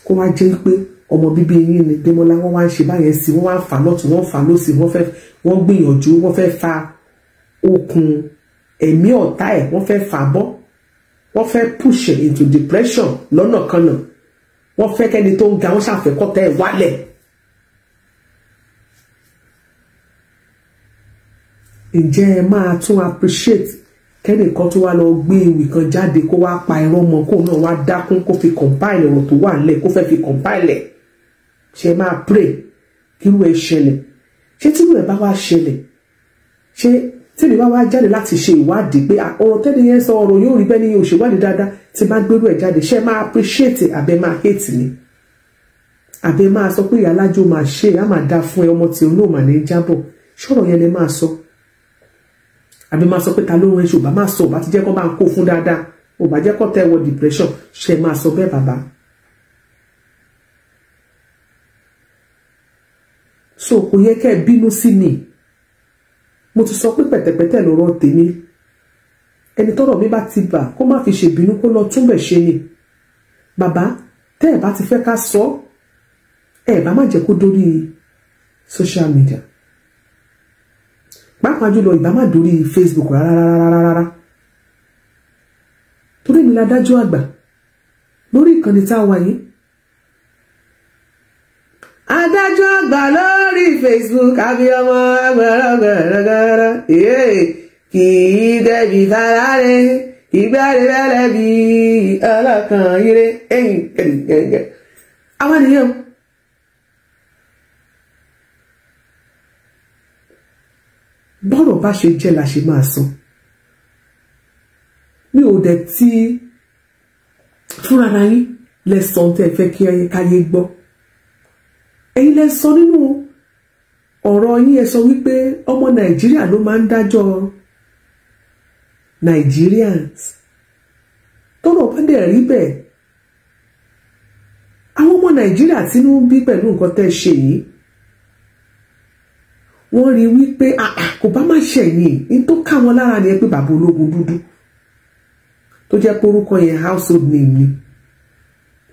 kó wá jẹ́ pé ọmọ bíbí eyín ni Démọ́lá wọ́n wá ń ṣe báyẹn sí wọ́n wá ń fà lọ́tún wọ́n fà lọ́sì wọ́n fẹ́ wọ́n gbìyànjú wọ́n fẹ́ fa okùn ẹ̀mí ọ̀tá ẹ̀ wọ́n fẹ́ fà bọ́ wọ́n fẹ́ push ẹ̀ into depression lọ́nà kan náà wọ́n fẹ́ kẹ́ni tó ń ga wọ́n ṣàfẹ́kọ́tẹ́ ẹ̀ wálẹ̀. ǹjẹ́ ẹ máa tún appreciate kẹ́nìkan tó wá lọ gbé ewì kan jáde kó wá pa irọ́ mọ́ kó náà wá dákún kó fi compile ọ̀rọ̀ tó wà nílẹ̀ kó fẹ́ fi compile ṣe máa pray kírú ẹ ṣẹlẹ̀ ṣé tírú ẹ bá wá ṣẹlẹ̀ ṣé tèmi bá wá jáde láti ṣe ìwádìí pé ọ̀rọ̀ tẹ́lẹ̀ yẹn sọ ọ̀rọ̀ yóò rí bẹ́ẹ̀ ni yóò ṣèwádìí dáadáa tí bá gbérú ẹ̀ jáde ṣé máa appreciate àbẹ máa hate ni àbẹ máa sọ pé ìyá alájò máa ṣe é á máa dá fún ẹ ọmọ tí òun ní jábọ̀ ṣọ̀rọ̀ yẹn lè máa sọ àbí máa sọ pé ta ló ń ránṣẹ́ òbá máa sọ òbá ti jẹ́ kó máa kó fún dáadáa òbá jẹ́ kó tẹ́ wọ depression ṣe máa sọ bẹ́ẹ̀ bàbá. so kò yẹ kẹ́ ẹ bínú sí mi mo ti sọ pé pẹ̀tẹ̀pẹ̀tẹ̀ lọ́rọ̀ tèmi ẹni tọ́rọ̀ mi bá ti bà kó má fi ṣèbínú kó lọ túnbẹ̀ ṣe ni bàbá tẹ́ ẹ̀ bá ti fẹ́ ká sọ ẹ̀ bá má jẹ́ kó dórí social media pàápàá jùlọ ìbá má dórí Facebook rárá rárá torí mi ládájọ́ àgbà lórí ìkànnì tá a wà yìí. adájọ́ àgbà lórí Facebook abiyamọ agbẹ̀rẹ̀gbẹ̀rẹ̀gbẹ̀rẹ̀ ee kì í dẹ̀bi farare ìgbàre bẹ́lẹ̀ bíi ọlọ́kàn ire ẹ̀yìn ẹ̀yìn ẹ̀yìn àwọn ènìyàn. bá ṣe jẹ́ la ṣe máa san mi ò dẹ̀ ti fúnra yín lẹ́sàn tẹ́ fẹ́ kí ayé gbọ́ ẹ̀yin lẹ sọ nínú ọ̀rọ̀ yín ẹ sọ wípé ọmọ nàìjíríà ló máa ń dájọ́ Nigerians tọ́nà bá dẹ̀ rí bẹ́ẹ̀ àwọn ọmọ nàìjíríà tínú bí pẹ̀lú nǹkan tẹ́ ṣe yìí wọ́n rí wípé kò bá má ṣẹ̀yìn ní tó ká wọn lára ni ẹ pé bàbá ológun dúdú tó jẹ́ pé orúkọ yẹn household name ni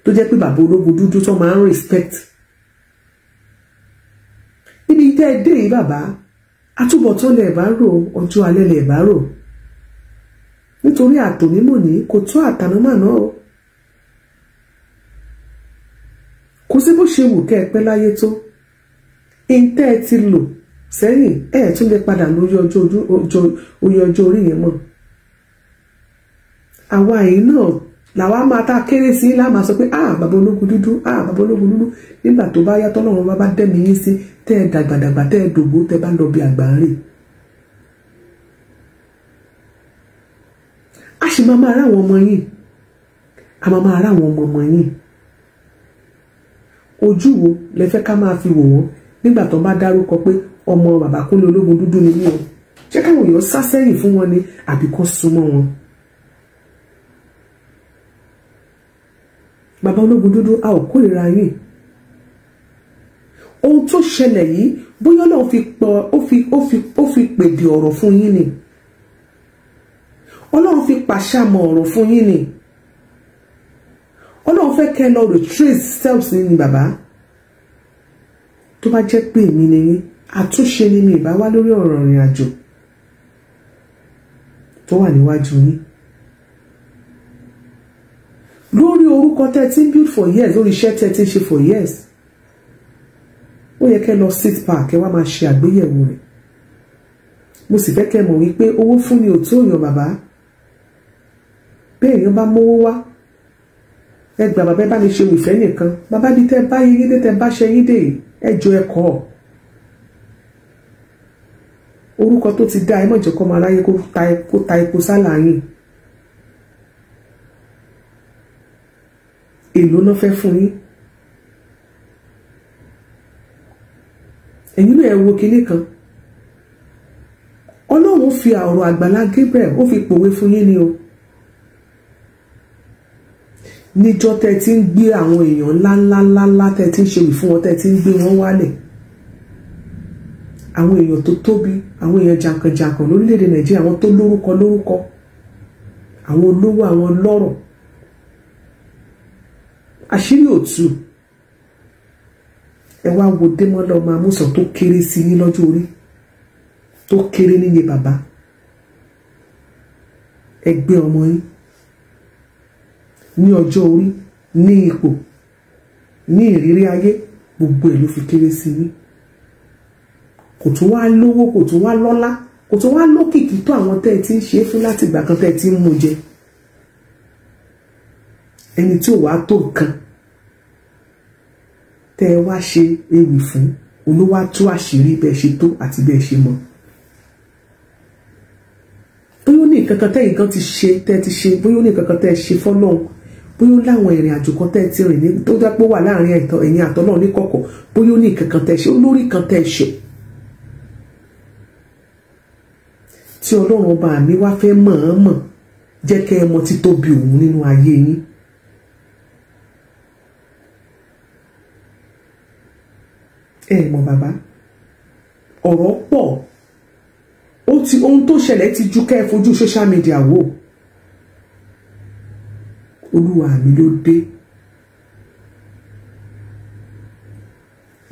tó jẹ́ pé bàbá ológun dúdú tó máa ń respect níbi tẹ́ ẹ dé yìí bàbá àtúbọ̀tán lẹ̀ bá rò ọjọ́ alẹ́ lẹ̀ bá rò nítorí àtòmímọ̀ ní kò tó àtànúmà náà o kò sí bó ṣe wù kẹ́ ẹ pẹ́ láyé tó ìǹtẹ́ ẹ ti lò sẹ́yìn ẹ ẹ̀ tún lè padà lórí oyè ọjọ́ orí yẹn mọ́ àwa yìí náà làwa máa tá a kéré sí láà máa sọ pé ah bàbá ológun dúdú ah bàbá ológun dúdú nígbà tó bá yàtọ̀ lọ́run bá bá dẹ́mi yín sí tẹ́ ẹ dàgbàdàgbà tẹ́ ẹ dògbò tẹ́ ẹ bá lọ bí àgbà a sì máa máa rá àwọn ọmọ yìí a máa máa rá àwọn ọmọ ọmọ yìí ojú wo lẹ fẹ́ ká máa fi wò wọ́n nígbà tó bá dárúkọ pé ọmọ bàbá Kúnlé ológun dúdú ni mí o ṣé káwọn èèyàn sá sẹ́yìn fún wọn ni àbí kó súnmọ́ wọn. bàbá ológun dúdú a ò kórìíra yín ohun tó ṣẹlẹ̀ yìí bóyá náà ó fi pèdè ọ̀rọ̀ fún yín ni ọlọ́run fi pàṣàmọ̀ ọ̀rọ̀ fún yín ni ọlọ́run fẹ́ kẹ́ lọ retrace steps ní bàbá tó bá jẹ́ pé èmi ni yín àtúnṣe ni mi ìbá wá lórí ọ̀rọ̀ ìrìn àjò tó wà níwájú yín lórí orúkọ tẹ́ ń build for years lórí iṣẹ́ tẹ́ ti ń ṣe for years ó yẹ kẹ́ lọ sit back ẹ wá máa ṣe àgbéyẹ̀wò rẹ̀ mo sì fẹ́ kẹ́ mọ̀ wípé owó fún mi ò tó èèyàn bàbá bẹ́ẹ̀ èèyàn bá mówó wá ẹ gbà bàbá ẹ bá mi ṣe òfẹ́ nìkan bàbá bíi tẹ́ bá yín tẹ́ bá ṣe yín dé yìí ẹjọ ẹkọ orúkọ tó ti dá ẹ mọ̀jọ́ kọ́ máa ráyé kó ta epo sálàyé èlò náà fẹ́ fún yín ẹ̀yin náà ẹ wo kinní kan ọlọ́run fi ọ̀rọ̀ Àgbàlá Gabriel ó fi pòwe fún yín ni o níjọ́ tẹ́ ti ń gbé àwọn èèyàn ńláńláńláńlá tẹ́ ti ń ṣe ìfún wọn tẹ́ ti ń gbé wọn wálẹ̀ àwọn èèyàn tó tóbi àwọn èèyàn jàǹkànjàǹkàn lórílẹ̀‐èdè nàìjíríà àwọn tó lórúkọ lórúkọ àwọn olówó àwọn lọ́rọ̀ àṣírí òtù ẹ wá wo démọ́lá ọmọ amúsàn tó kéré sí yín lọ́jọ́ orí tó kéré níye bàbá ẹ gbé ọmọ yín ní ọjọ́ orí ní ipò ní ìrírí ayé gbogbo ẹ̀ ló fi kéré sí yín kò tún wá lówó kò tún wá lọ́lá kò tún wá lókìkí tó àwọn tẹ́ ẹ ti ń ṣe é fún láti ìgbà kan tẹ́ ẹ ti ń mú jẹ ẹni tí ò wá tó nǹkan tẹ́ ẹ wá ṣe ewì fún olówá tú àṣírí bẹ́ẹ̀ ṣe tó àti bẹ́ẹ̀ ṣe mọ́ bóyá ó ní nǹkan kan tẹ́ nǹkan ti ṣe tẹ́ ti ṣe bóyá ó ní nǹkan kan tẹ́ ẹ ṣe fọ́lọ́hún bóyá ó láwọn ìrìn àjò kan tẹ́ ẹ ti rìn ní tó dá pé wà láàrin ẹ̀yìn àtọ́ náà níkọ̀kọ̀ bóyá ó ní ìkankan tẹ́ ẹ ṣe olórí kan tẹ́ ẹ ṣe. tí ọlọ́run ọba mi wá fẹ́ mọ̀ọ́mọ̀ jẹ́ kẹ́ ẹ mọ títóbi òun nínú ayé yín. ẹ mọ̀ bàbá ọ̀rọ̀ pọ̀ ohun tó ṣẹlẹ̀ ti ju kẹ́ ẹ fojú social media wò olúwa mi ló dé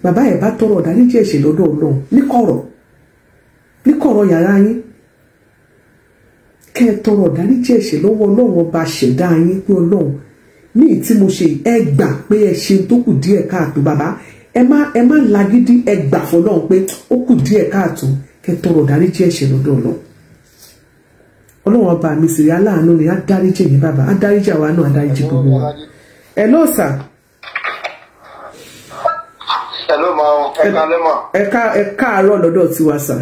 bàbá ẹ̀ bá tọrọ ọ̀dáríjì ẹ̀ṣẹ̀ lọ́dọ̀ ọlọ́run níkọ̀rọ̀ níkọ̀rọ̀ yàrá yín kẹ́ ẹ tọrọ ọ̀dáríjì ẹ̀ṣẹ̀ lọ́wọ́ ọlọ́run ọba ṣẹ̀dá yín pé ọlọ́run ní ì tí mo ṣe ẹ gbà pé ẹ ṣe tó kù díẹ̀ káàtó bàbá ẹ má ẹ má lagídí ẹ gbà fọlọ́run pé ó kù díẹ̀ káàtó kẹ́ ẹ tọrọ ọ̀dáríjì ẹ̀ṣẹ̀ lọ́dọ̀ ọlọ́run ọlọ́run ọba mi sì rí aláàánú ni baba dáríjì bàbá á àwa náà gbogbo wa. ẹ sà. ẹ máa ń lẹ́mọ̀. àárọ̀ lọ́dọ̀ tiwa sà.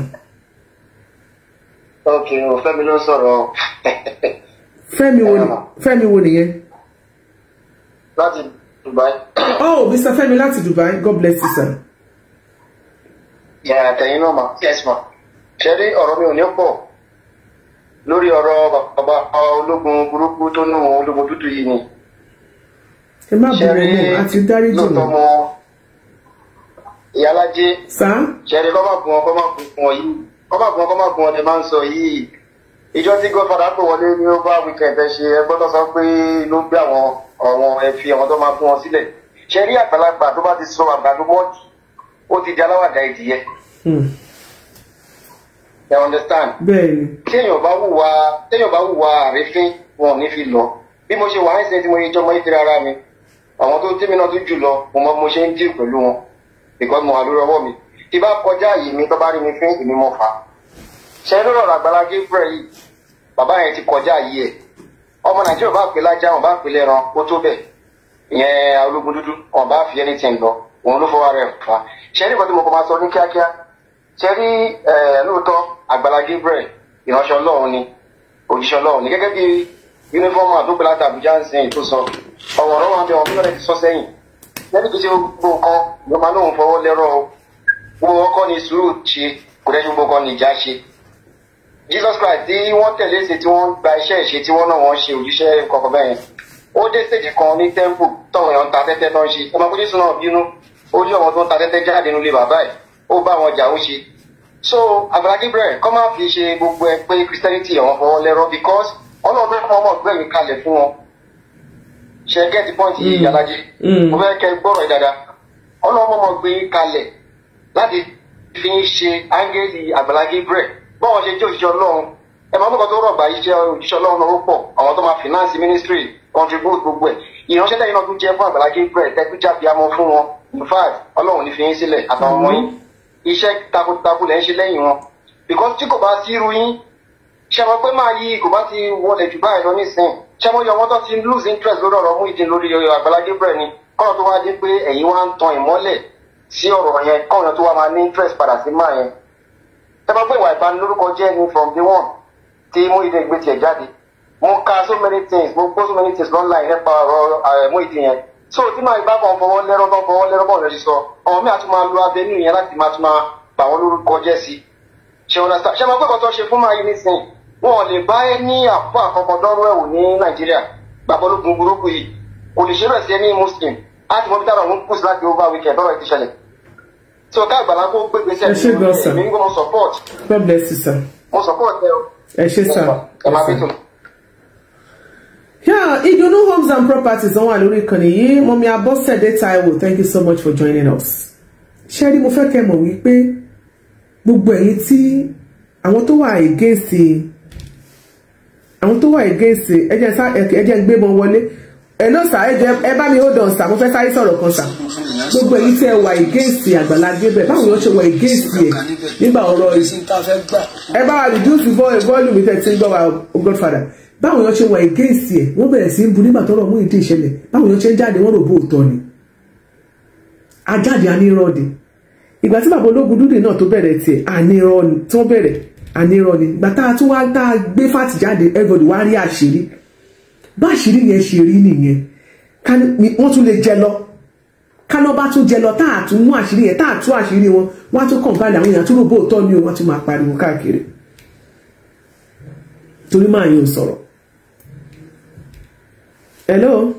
ok Fẹ́mi ló ń sọ̀rọ̀. wo Fẹ́mi wo nìyẹn. láti Dubai. oh Mr. Fẹ́mi láti Dubai God bless you sir. náà yes ma ṣe rí ọ̀rọ̀ mi ò ní pọ̀. lórí ọ̀rọ̀ bàbá ológun burúkú tó nù ológun dúdú yìí ni. ẹ má bẹ̀rẹ̀ mọ́ àti dáríjì mọ́. lóòótọ́ mọ́ ìyálájé. sá. ṣẹ̀rí kọ́ má gun ọ kọ́ má gun ọ yìí kọ́ má gun ọ kọ́ má gun ọ ni máa ń sọ yìí. ìjọ tí gọ́fàdà pè wọlé ní ó bá weekend ẹ ṣe ẹ gbọ́dọ̀ sọ pé ló gbé àwọn ọ̀wọ́n ẹ fi àwọn tó máa fún wọn sílẹ̀. ṣẹ̀rí àgbàlagbà tó bá ti sọ àgbàdo bọ́ọ̀dì ẹ understand. bẹ́ẹ̀ni. téèyàn bá hùwà téèyàn bá hùwà àrífín wọn ò ní fi lọ bí mo ṣe wà ní sẹ́yìn tí mo yẹ jọmọ yìí tẹ̀lé ara mi àwọn tó tẹ́mi náà tó jù lọ mo mọ mo ṣe ń díì pẹ̀lú wọn because mo wà lórí ọwọ́ mi tí bá kọjá yìí mi tó bá rí mi fín èmi mo fà á ṣe é lọ́rọ̀ Àgbàlá Gabriel yìí bàbá yẹn ti kọjá yìí ẹ̀ ọmọ Nàìjíríà bá pè lájà wọn bá pè lẹ́ran ó tó bẹ̀ ìyẹn ológun dúdú wọn bá fi anything lọ òun ló fọwọ́ rẹ̀ fà á ṣe é nígbà tí mo kọ́ máa sọ ní kíákíá ṣẹ́rí lóòótọ́ Àgbàlá Gabriel ìránṣẹ́ Ọlọ́run ni òjíṣẹ́ Ọlọ́run ni gẹ́gẹ́ bí yunifọ́mù àdókòó láti Àbújá ń sìn tó sọ ọ̀wọ̀ ọ̀rọ̀ wọn bí wọn mílíọ̀nù ti sọ sẹ́yìn lẹ́nu kìí ṣe gbogbo nǹkan ló máa lóun fọwọ́ lẹ́rọ̀ o gbogbo ọkọ ni sùúrù ṣe kò dẹ́jú gbogbo ni ìjà ṣe Jesus Christ tí wọ́n tẹ̀lé ṣe tí wọ́n gba iṣẹ́ ìṣe tí wọ́n náà wọ́n ṣe òjíṣẹ́ kọ̀ọ̀kan bẹ́ẹ̀ ó dé stage kan ní temple tọ́wọ̀n yẹn ń ta tẹ́tẹ́ náà ṣe ọmọ akójúsùn náà bínú ó ní ọmọ tó ń ta tẹ́tẹ́ jáde nílé bàbá ẹ̀ ó bá wọn jà ó ṣe so Agbala Gabriel kọ́ máa fi ṣe gbogbo ẹ pé Christianity àwọn fọwọ́ lẹ́rọ because ọlọ́run fún ọmọ ọgbẹ́ mi kalẹ̀ fún wọn ṣe get point yìí mm. Alhaji mm. mo fẹ́ kẹ́ gbọ́rọ̀ dáadáa ọlọ́run ọmọ ọgbẹ́ yìí kalẹ̀ láti fi ń ṣe áńgẹ́lì Agbala Gabriel bọ́wọ́n ṣe jẹ́ òṣìṣẹ́ ọlọ́run ẹ máa mọ́kàn tó rọ̀gbà iṣẹ́ òṣìṣẹ́ ọlọ́run lọ́wọ́ pọ̀ àwọn tó máa finance ministry contribute gbogbo ẹ̀ ìránṣẹ́ lẹ́yìn náà tún jẹ́ fún Agbala Gabriel tẹ́kú jáde amọ́ fún wọn in fact ọlọ́run ní fi yín sílẹ̀ àtàwọn ọmọ yín iṣẹ́ takuntakun lẹ́ ṣe lẹ́yìn wọn because tí kò bá sí irú yín ṣe mọ̀ pé máa yí kò bá ti wọlé jù báyìí lọ nísìnyí ṣe mọ̀ yọ wọ́n tó ti lose interest lórí ọ̀rọ̀ Muyideen lórí Àgbàlá Gabriel ni kọ́nà tó wá dé pé ẹ̀yin wá ń tan ìmọ́lẹ̀ sí ọ̀rọ̀ yẹn kọ́nà tó wá máa ní interest padà sí máa yẹn ẹ bá pé ìwà ìbanilórúkọ jẹ́ ni from day one tí Muyideen gbé tiẹ̀ jáde mo ka so many things mo gbọ́ so many things online nípa ọ̀rọ̀ eh, Muyideen yẹn so tí màá bá kàn fọwọ́ lẹ́rọ́ bá fọwọ́ lẹ́rọ́ bọ̀ lẹ́sí sọ ọmọ mi àti máa lo abẹnú yẹn láti máa tún máa bà wọ́n lórúkọ jẹ́ sí ṣe wọn lásán ṣe máa pẹ́ kọ́tọ́ ṣe fún máa yí nísìn wọn ò lè bá ẹ ní àpò àkọ́kọ́ dọ́rọ́ ẹ̀wò ní nàìjíríà gbàgbọ́ lógun burúkú yìí kò lè ṣe bẹ́ẹ̀ sí ẹni muslim láti mọ bí táwọn òun kù sí láti over weekend lọ́rọ̀ ti ṣẹlẹ̀ tí ọ̀gá àgbàlá kó gbégbé sí ẹni mo support mo support ẹ o yeah ìdùnnú homes and properties wọn wà lórí ìkànnì yìí mọ̀mí abọ́sẹ̀dé taiwo thank you so much for joining us ṣẹ́rí mo fẹ́ kẹ́ mọ̀ wípé gbogbo ẹ̀yin tí àwọn tó wà against àwọn tó wà against ẹjẹ́ ẹjẹ́ ń gbé wọn wọlé ẹ náà sà ẹjẹ́ ẹ bá mi hold on sà mo fẹ́ sáré sọ̀rọ̀ kan sà gbogbo ẹ̀yin tí ẹ wà against Àgbàlá Gabriel báwo ni wọ́n ṣe wà against ẹ̀ nígbà ọ̀rọ̀ yìí ẹ bá wa reduce the volume with tí ń gbọ́ wa oh godfather báwọn èèyàn ṣe wà against ẹ̀ wọ́n bẹ̀rẹ̀ sí í bu nígbà tọ́rọ̀ mú ìdí ìṣẹ̀lẹ̀ báwọn èèyàn ṣe ń jáde wọ́n rò bó òótọ́ ni ajáde anírọ́ọ̀dì ìgbà tí bàbá ológun dúdè náà tó bẹ̀rẹ̀ tiẹ̀ anírọ́ọ̀ni tó bẹ̀rẹ̀ anírọ́ọ̀ni ìgbà tá a tún wá tá a gbé fàtì jáde everybody wá rí àṣírí bá àṣírí yẹn ṣe rí nìyẹn wọ́n tún lè jẹ lọ kánà bá tún jẹ lọ tá a tún mú àṣírí yẹn tá a tún àṣírí wọn wọ́n á tún kàn báyìí àwọn èèyàn tún rò bó òótọ́ ni wọ́n tún máa pariwo káàkiri torí máa yín sọ̀rọ̀ Hello.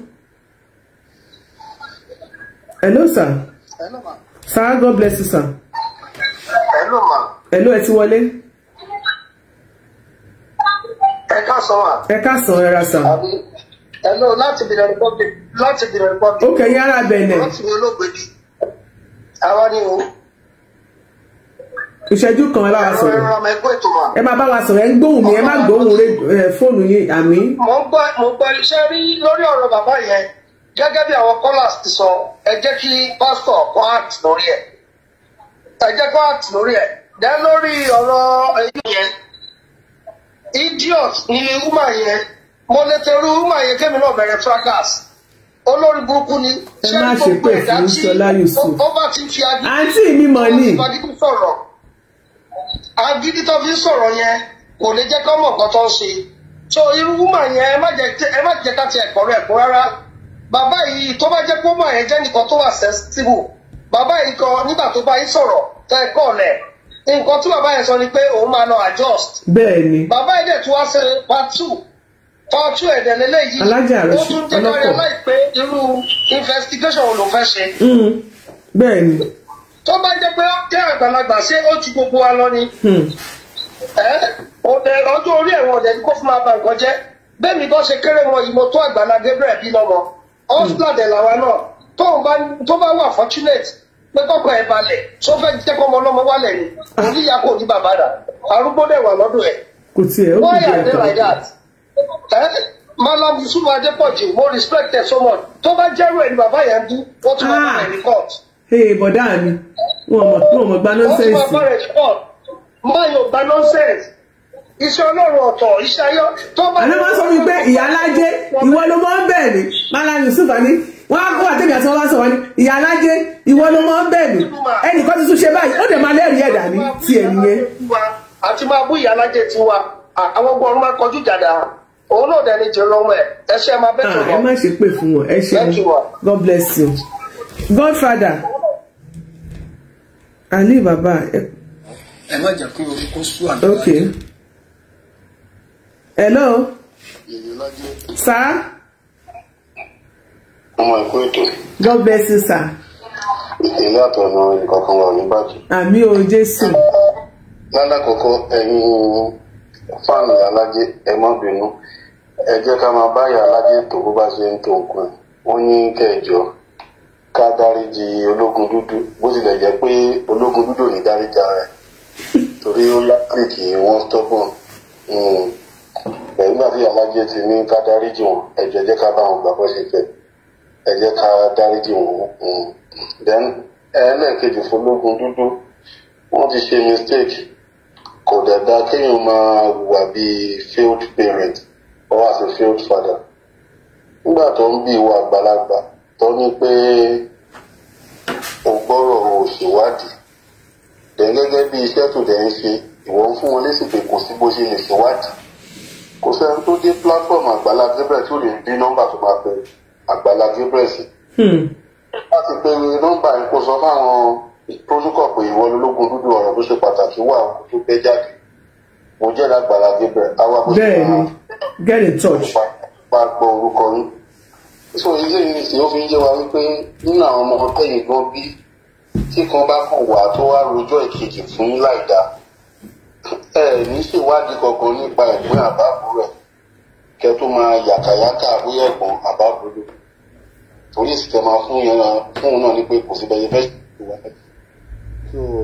Hello, sir. Hello, ma. Sir, God bless you, sir. Hello, ma. Hello, ẹ ti wọlé. Ẹ káàsán, ma. Ẹ káàsán, ẹ ra, sir. Hello, láti the Republic. Láti the Republic. Okay, yàrá Benin. Láti Benin Republic. Àwa ni o ìṣẹ́jú kan ẹ bá wa sọ̀rọ̀ ẹ máa bá wa sọ̀rọ̀ ẹ ń gbóhùn mi ẹ má gbóhùn fóònù yín àmì. mo ń gbọ́ mo ń gbọ́ iṣẹ́ rí lórí ọ̀rọ̀ bàbá yẹn gẹ́gẹ́ bí àwọn callers ti sọ ẹ jẹ́ kí pásítọ̀ kọ́ act lórí ẹ̀ ẹ jẹ́ kọ́ act lórí ẹ̀ dẹ́ lórí ọ̀rọ̀ ẹ̀yìn yẹn idiot ni woman yẹn mo lè tẹrú woman yẹn kémi náà bẹ̀rẹ̀ fracas olórí burúkú ni ṣé gbogbo ẹ̀dá tí ó bá ti fi adigun sọ̀rọ̀ agídí tó fi ń sọ̀rọ̀ yẹn kò lè jẹ́ kọ́ mọ̀ nǹkan tó ń ṣe so irú woman yẹn ẹ má jẹ́ ká ti ẹ̀kọ́ rẹ̀ kó rárá bàbá yìí tó bá jẹ́ pé woman yẹn jẹ́ nìkan tó wà sensitive bàbá yìí kan nígbà tó bá yín sọ̀rọ̀ tẹ́ ẹ kọ́ ọ̀lẹ̀ nǹkan tí bàbá yẹn sọ ni pé òun máa lọ adjust. bẹ́ẹ̀ni. bàbá yìí dẹ̀ tún wá ṣe part two part two ẹ̀dẹ̀ lélẹ́yìí ó tún jẹ́ kárí aláìpé irú investigation ló fẹ́ ṣe. Mm-hmm. bẹ́ẹ̀ni. tó bá jẹ́ pé jẹ́ àgbàlagbà ṣé ó ju gbogbo wa lọ ni ọdẹ hmm. ọdụ orí ẹ̀wọ̀n ọdụ ni kó fún máa nǹkan jẹ́ ṣe kéré wọn yìí mo tó Àgbàlá Gabriel bí lọ́mọ náà tó bá wà pé balẹ̀ tó fẹ́ jẹ́ ọlọ́mọ wálẹ̀ ni oníyà kò ní bàbá rà arúgbó dẹ̀ wà ẹ̀ mo respect ẹ so bá jẹ́rù ẹ̀ ni bàbá yẹn wọ́n tún ah. ní ee bọ̀dá mi wọn mọ̀ wọn mọ̀ gba wọ́n ọlọ́run ọ̀tọ̀ iṣẹ́ ayọ́ tó bá. àná sọ mi pé ìwọ ló máa ń bẹ̀ mí yusuf wọn á kó ni ìyálájé ìwọ ló máa ń bẹ̀ mí ẹnìkan tuntun ṣe báyìí ó ti àti máa bú tiwa àwọn ọgbọ́n máa kọjú jàdá òun náà dẹni ẹ ẹ ṣe máa bẹ́ẹ̀ tó lọ. ẹ má ṣe fún God bless you. godfather àní Baba. ẹ. má jẹ́ kí orúkọ sùn àná. ok hello. sir. ọmọ ẹ̀kọ́ ètò. God bless you sir. ìdílé àtọ̀nà ìkọ̀kan wà ní bàjẹ́. àmì o Jésù. lálàkọ̀kọ́ ẹ̀yin fáàmì alájẹ ẹ má bínú ẹ jẹ́ ká máa bá ìyá alájẹ tó bó bá ṣe ń tó nǹkan wọ́n ní kẹjọ ká dáríji ológun dúdú bó tilẹ̀ jẹ́ pé ológun dúdú ò ní dáríjà rẹ̀ torí ó lákìkì wọ́n stọ́gbọ̀n hmm. ẹ̀yìn àti àlájẹ ti ní ká dáríjì wọn ẹ jẹ́ jẹ́ ká bá wọn gbàgbọ́ ṣe fẹ́ ẹ jẹ́ ká dáríjì wọn hmm. then ẹlẹ́ẹ̀kejì fọlọ́gun dúdú wọ́n ti ṣe mistake kò dàda kéèyàn máa wà bí failed parent or as a failed father nígbà tó ń bí ìwà àgbàlagbà tó ní pé o gbọ́rọ̀ o ṣèwádìí dẹ̀ gẹ́gẹ́ bí iṣẹ́ tó dẹ̀ ń ṣe ìwọ ń fún wọn lésì pé kò sí bó ṣe lè ṣèwádìí kò sẹ́ni tó dé platform Àgbàlá Gabriel tó lè bí nọ́mbà tó máa pẹ́ Àgbàlá Gabriel sí. láti hmm. pe nọ́mbà yẹn kó sọ fáwọn protocol pé ìwọ lológun dúdú ọ̀rọ̀ tó ṣe pàtàkì wà tó gbé jáde mo jẹ́ Àgbàlá Gabriel àwa kò sí máa bẹ́ẹ̀ ni get in touch so eléyìí nìsí ó fi ń jẹ́ wa wípé nínú àwọn ọmọ tẹ́yìn gan bí tí kan bá kàn wá tó wá rojọ́ ìkejì fún láìda ẹ ní ṣèwádìí kankan nípa ẹ̀gbọ́n àbábúrò ẹ̀ kẹ́ tó máa yàkàyàkà bóyá ẹ̀gbọ́n àbábúrò torí ìsìkẹ́ máa fún yẹn fún un náà ní pé kò sí bẹ́ẹ̀ yẹn fẹ́ ṣe wá.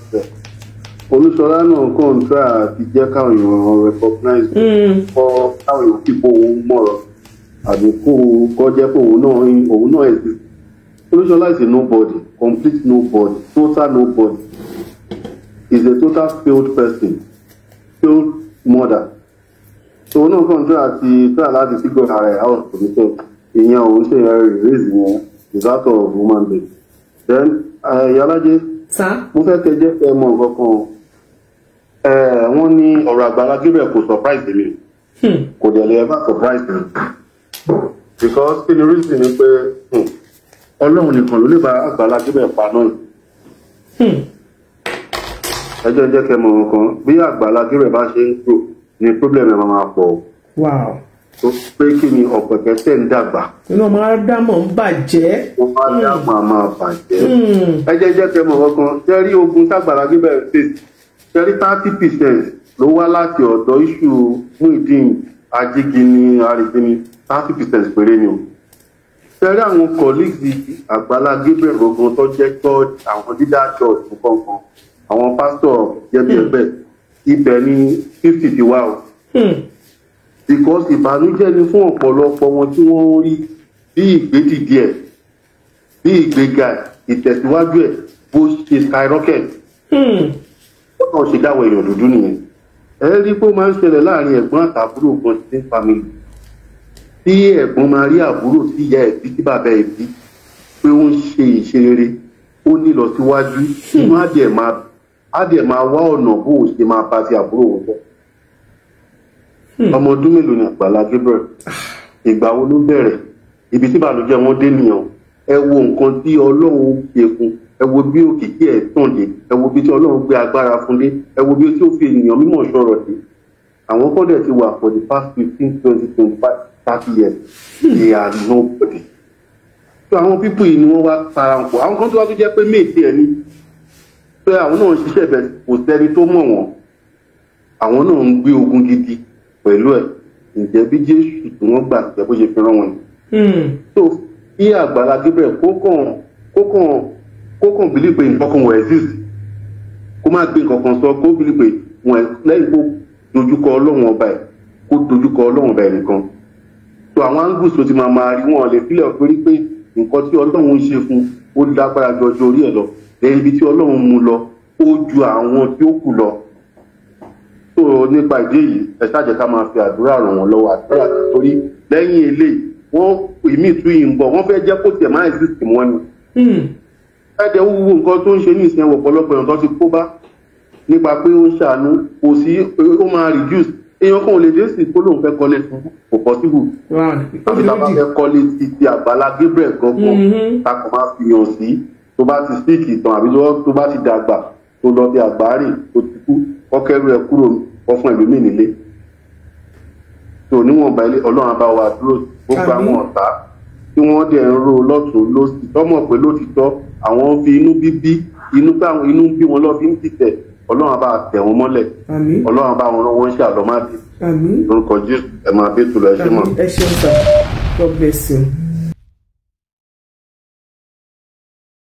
olùsọlá náà kàn try àti jẹ́ káwọn èèyàn recognize hmm. kọ́ káwọn èèyàn kí kó òun mọ̀rọ̀ àbí kó kọ́ jẹ́ pé òun náà òun náà exist olùsọlá is a nobody complete nobody total nobody is a total failed person failed mother òun náà kàn try àti try láti figure ara ẹ̀ out for the test ìyẹn òun ṣe ẹ̀ raise yẹn is out of human being then ayalaje eh, mo fẹ́ kẹ́ jẹ́ ẹ mọ̀ nǹkan kan o wọ́n ní ọ̀rọ̀ Àgbàlá Gabriel kò surprise mi hmm. kò dẹ̀ lè ever surprise mi because kí ni reason ni pé hmm, ọlọ́run nìkan ló lè bá Àgbàlá Gabriel pa náà hmm. ẹjọ́ jẹ́ kẹ́ mọ̀ kan bí Àgbàlá Gabriel bá ṣe ń kúrò ni problem ẹ̀ máa pọ̀ o tó pé kí ni ọ̀pẹ̀kẹ́ tẹ̀ ń dàgbà. inú ọmọ ádámọ̀ ń bàjẹ́. ọmọ ádámọ̀ máa bàjẹ́. ẹ jẹ́ jẹ́ kẹ́ mọ̀ kan tẹ́rí ogun tágbàlá Gabriel fèsì ṣẹ́rí thirty percent ló wá láti ọ̀dọ̀ iṣu Muyideen Ajigini Arigini thirty percent péré ni o ṣẹ́rí àwọn colleagues Àgbàlá Gabriel gbogbo tó jẹ́ church àwọn leader church nǹkan àwọn pastor jẹ́bi hmm. ẹgbẹ́ ibẹ̀ ni fifty ti wá o hmm. because ìbànújẹ́ ni fún ọ̀pọ̀lọpọ̀ wọn tí wọ́n ń rí bí ìgbédìdí ẹ̀ bí ìgbéga ìtẹ̀síwájú ẹ̀ bó ṣe skyrocket. Hmm náà ṣe dáwọ èèyàn dúdú nìyẹn ẹ rí pé ó máa ń ṣẹlẹ̀ láàrin ẹ̀gbọ́n àtàbúrò gan ti ń family tí ẹ̀gbọ́n máa rí àbúrò tí ìyá ẹbí tí bàbá ẹbí pé ó ń ṣe ìṣerere ó ní lọ síwájú inú adìẹ máa adìẹ máa wá ọ̀nà bó o ṣe máa bá ti àbúrò wọn bọ̀ hmm. ọmọ ọdún mélòó ni Àgbàlá Gabriel ìgbà wo ló bẹ̀rẹ̀ ibi tí ìbànújẹ́ wọn dé nìyẹn ẹ wo nǹkan tí Ọlọ́run ṣe fún ẹ wo bí òkè kí ẹ tàn dé ẹ wo bí tí ọlọ́run gbé agbára fún dé ẹ wo bí tí ó fi ènìyàn mímọ̀ sọ̀rọ̀ dé àwọn kọ́dẹ̀ ti wà for the past fifteen twenty twenty five thirty years they are nobody so àwọn pípù yìí ni wọ́n wá para wọn pọ̀ àwọn kan tó wá tó jẹ́ pé méèdì ẹ̀ ni pé àwọn náà ń ṣiṣẹ́ bẹ̀ kò sẹ́ni tó mọ̀ wọ́n àwọn náà ń gbé ogun gidi pẹ̀lú ẹ̀ ǹjẹ́ bí jésù tí wọ́n gbà ǹjẹ́ bó ṣe fi rán wọn ni. Hmm. so kí àgbàlá Gabriel kó kàn kó kàn kó kàn bílí pé nǹkan kan wọ̀ exist kó má gbé nǹkan kan sọ kó bílí pé wọ́n lẹ́yìn kó dojúkọ ọlọ́run ọba ẹ̀ kó dojúkọ ọlọ́run ọba ẹ̀ nìkan tó àwọn angus tó ti máa máa rí wọn lè fílẹ̀ pé pé nǹkan tí ọlọ́run ń ṣe fún ó lágbára jọjọ orí ẹ̀ lọ lẹ́yìn ibi tí ọlọ́run mú lọ ó ju àwọn tí ó kù lọ tó nípa ìdí èyí ẹ ṣáàjẹ ká máa fi àdúrà ràn wọ́n lọ́wọ́ àdúrà torí lẹ́yìn eléyìí wọ́n ìmí ìtú yìí ń bọ̀ wọ́n kó tiẹ̀ máa exist mọ́ ni hmm ẹdẹ wúwo nǹkan tó ń ṣe ní ìsìn ẹwọ ọ̀pọ̀lọpọ̀ èèyàn tó ti kó bá nípa pé ó ń ṣàánú kò sí ó máa reduce èèyàn kan ò lè dé sí kó lóun fẹ́ kọ́lé fún kò possible láti bá fẹ́ kọ́lé ti ti Àgbàlá Gabriel gangan mm-hmm. takò máa fi hàn sí tó bá ti speak ìtàn àbí tó bá ti dàgbà tó lọ bí àgbáàrè tó ti kú kọ́kẹ́rú ẹ kúrò ọfún ẹ̀mí mi nílé tó níwọ̀nba ilé Ọlọ́run bá wa dúró gbogbo àwọn ọ̀tá tí wọ́n dẹ̀ ń ro lọ́tún lọ́sì pé lótìtọ́ àwọn fi inú bíbí inú pé àwọn inú bí wọn lọ fi ń dìtẹ̀ Ọlọ́run bá tẹ̀ wọn mọ́lẹ̀ Ọlọ́run bá wọn wọn ṣe àlọ́ máa dì lórúkọ Jésù ẹ̀ máa bí tulẹ̀ ẹ ṣe mọ̀. ẹ ṣeun sir God bless you.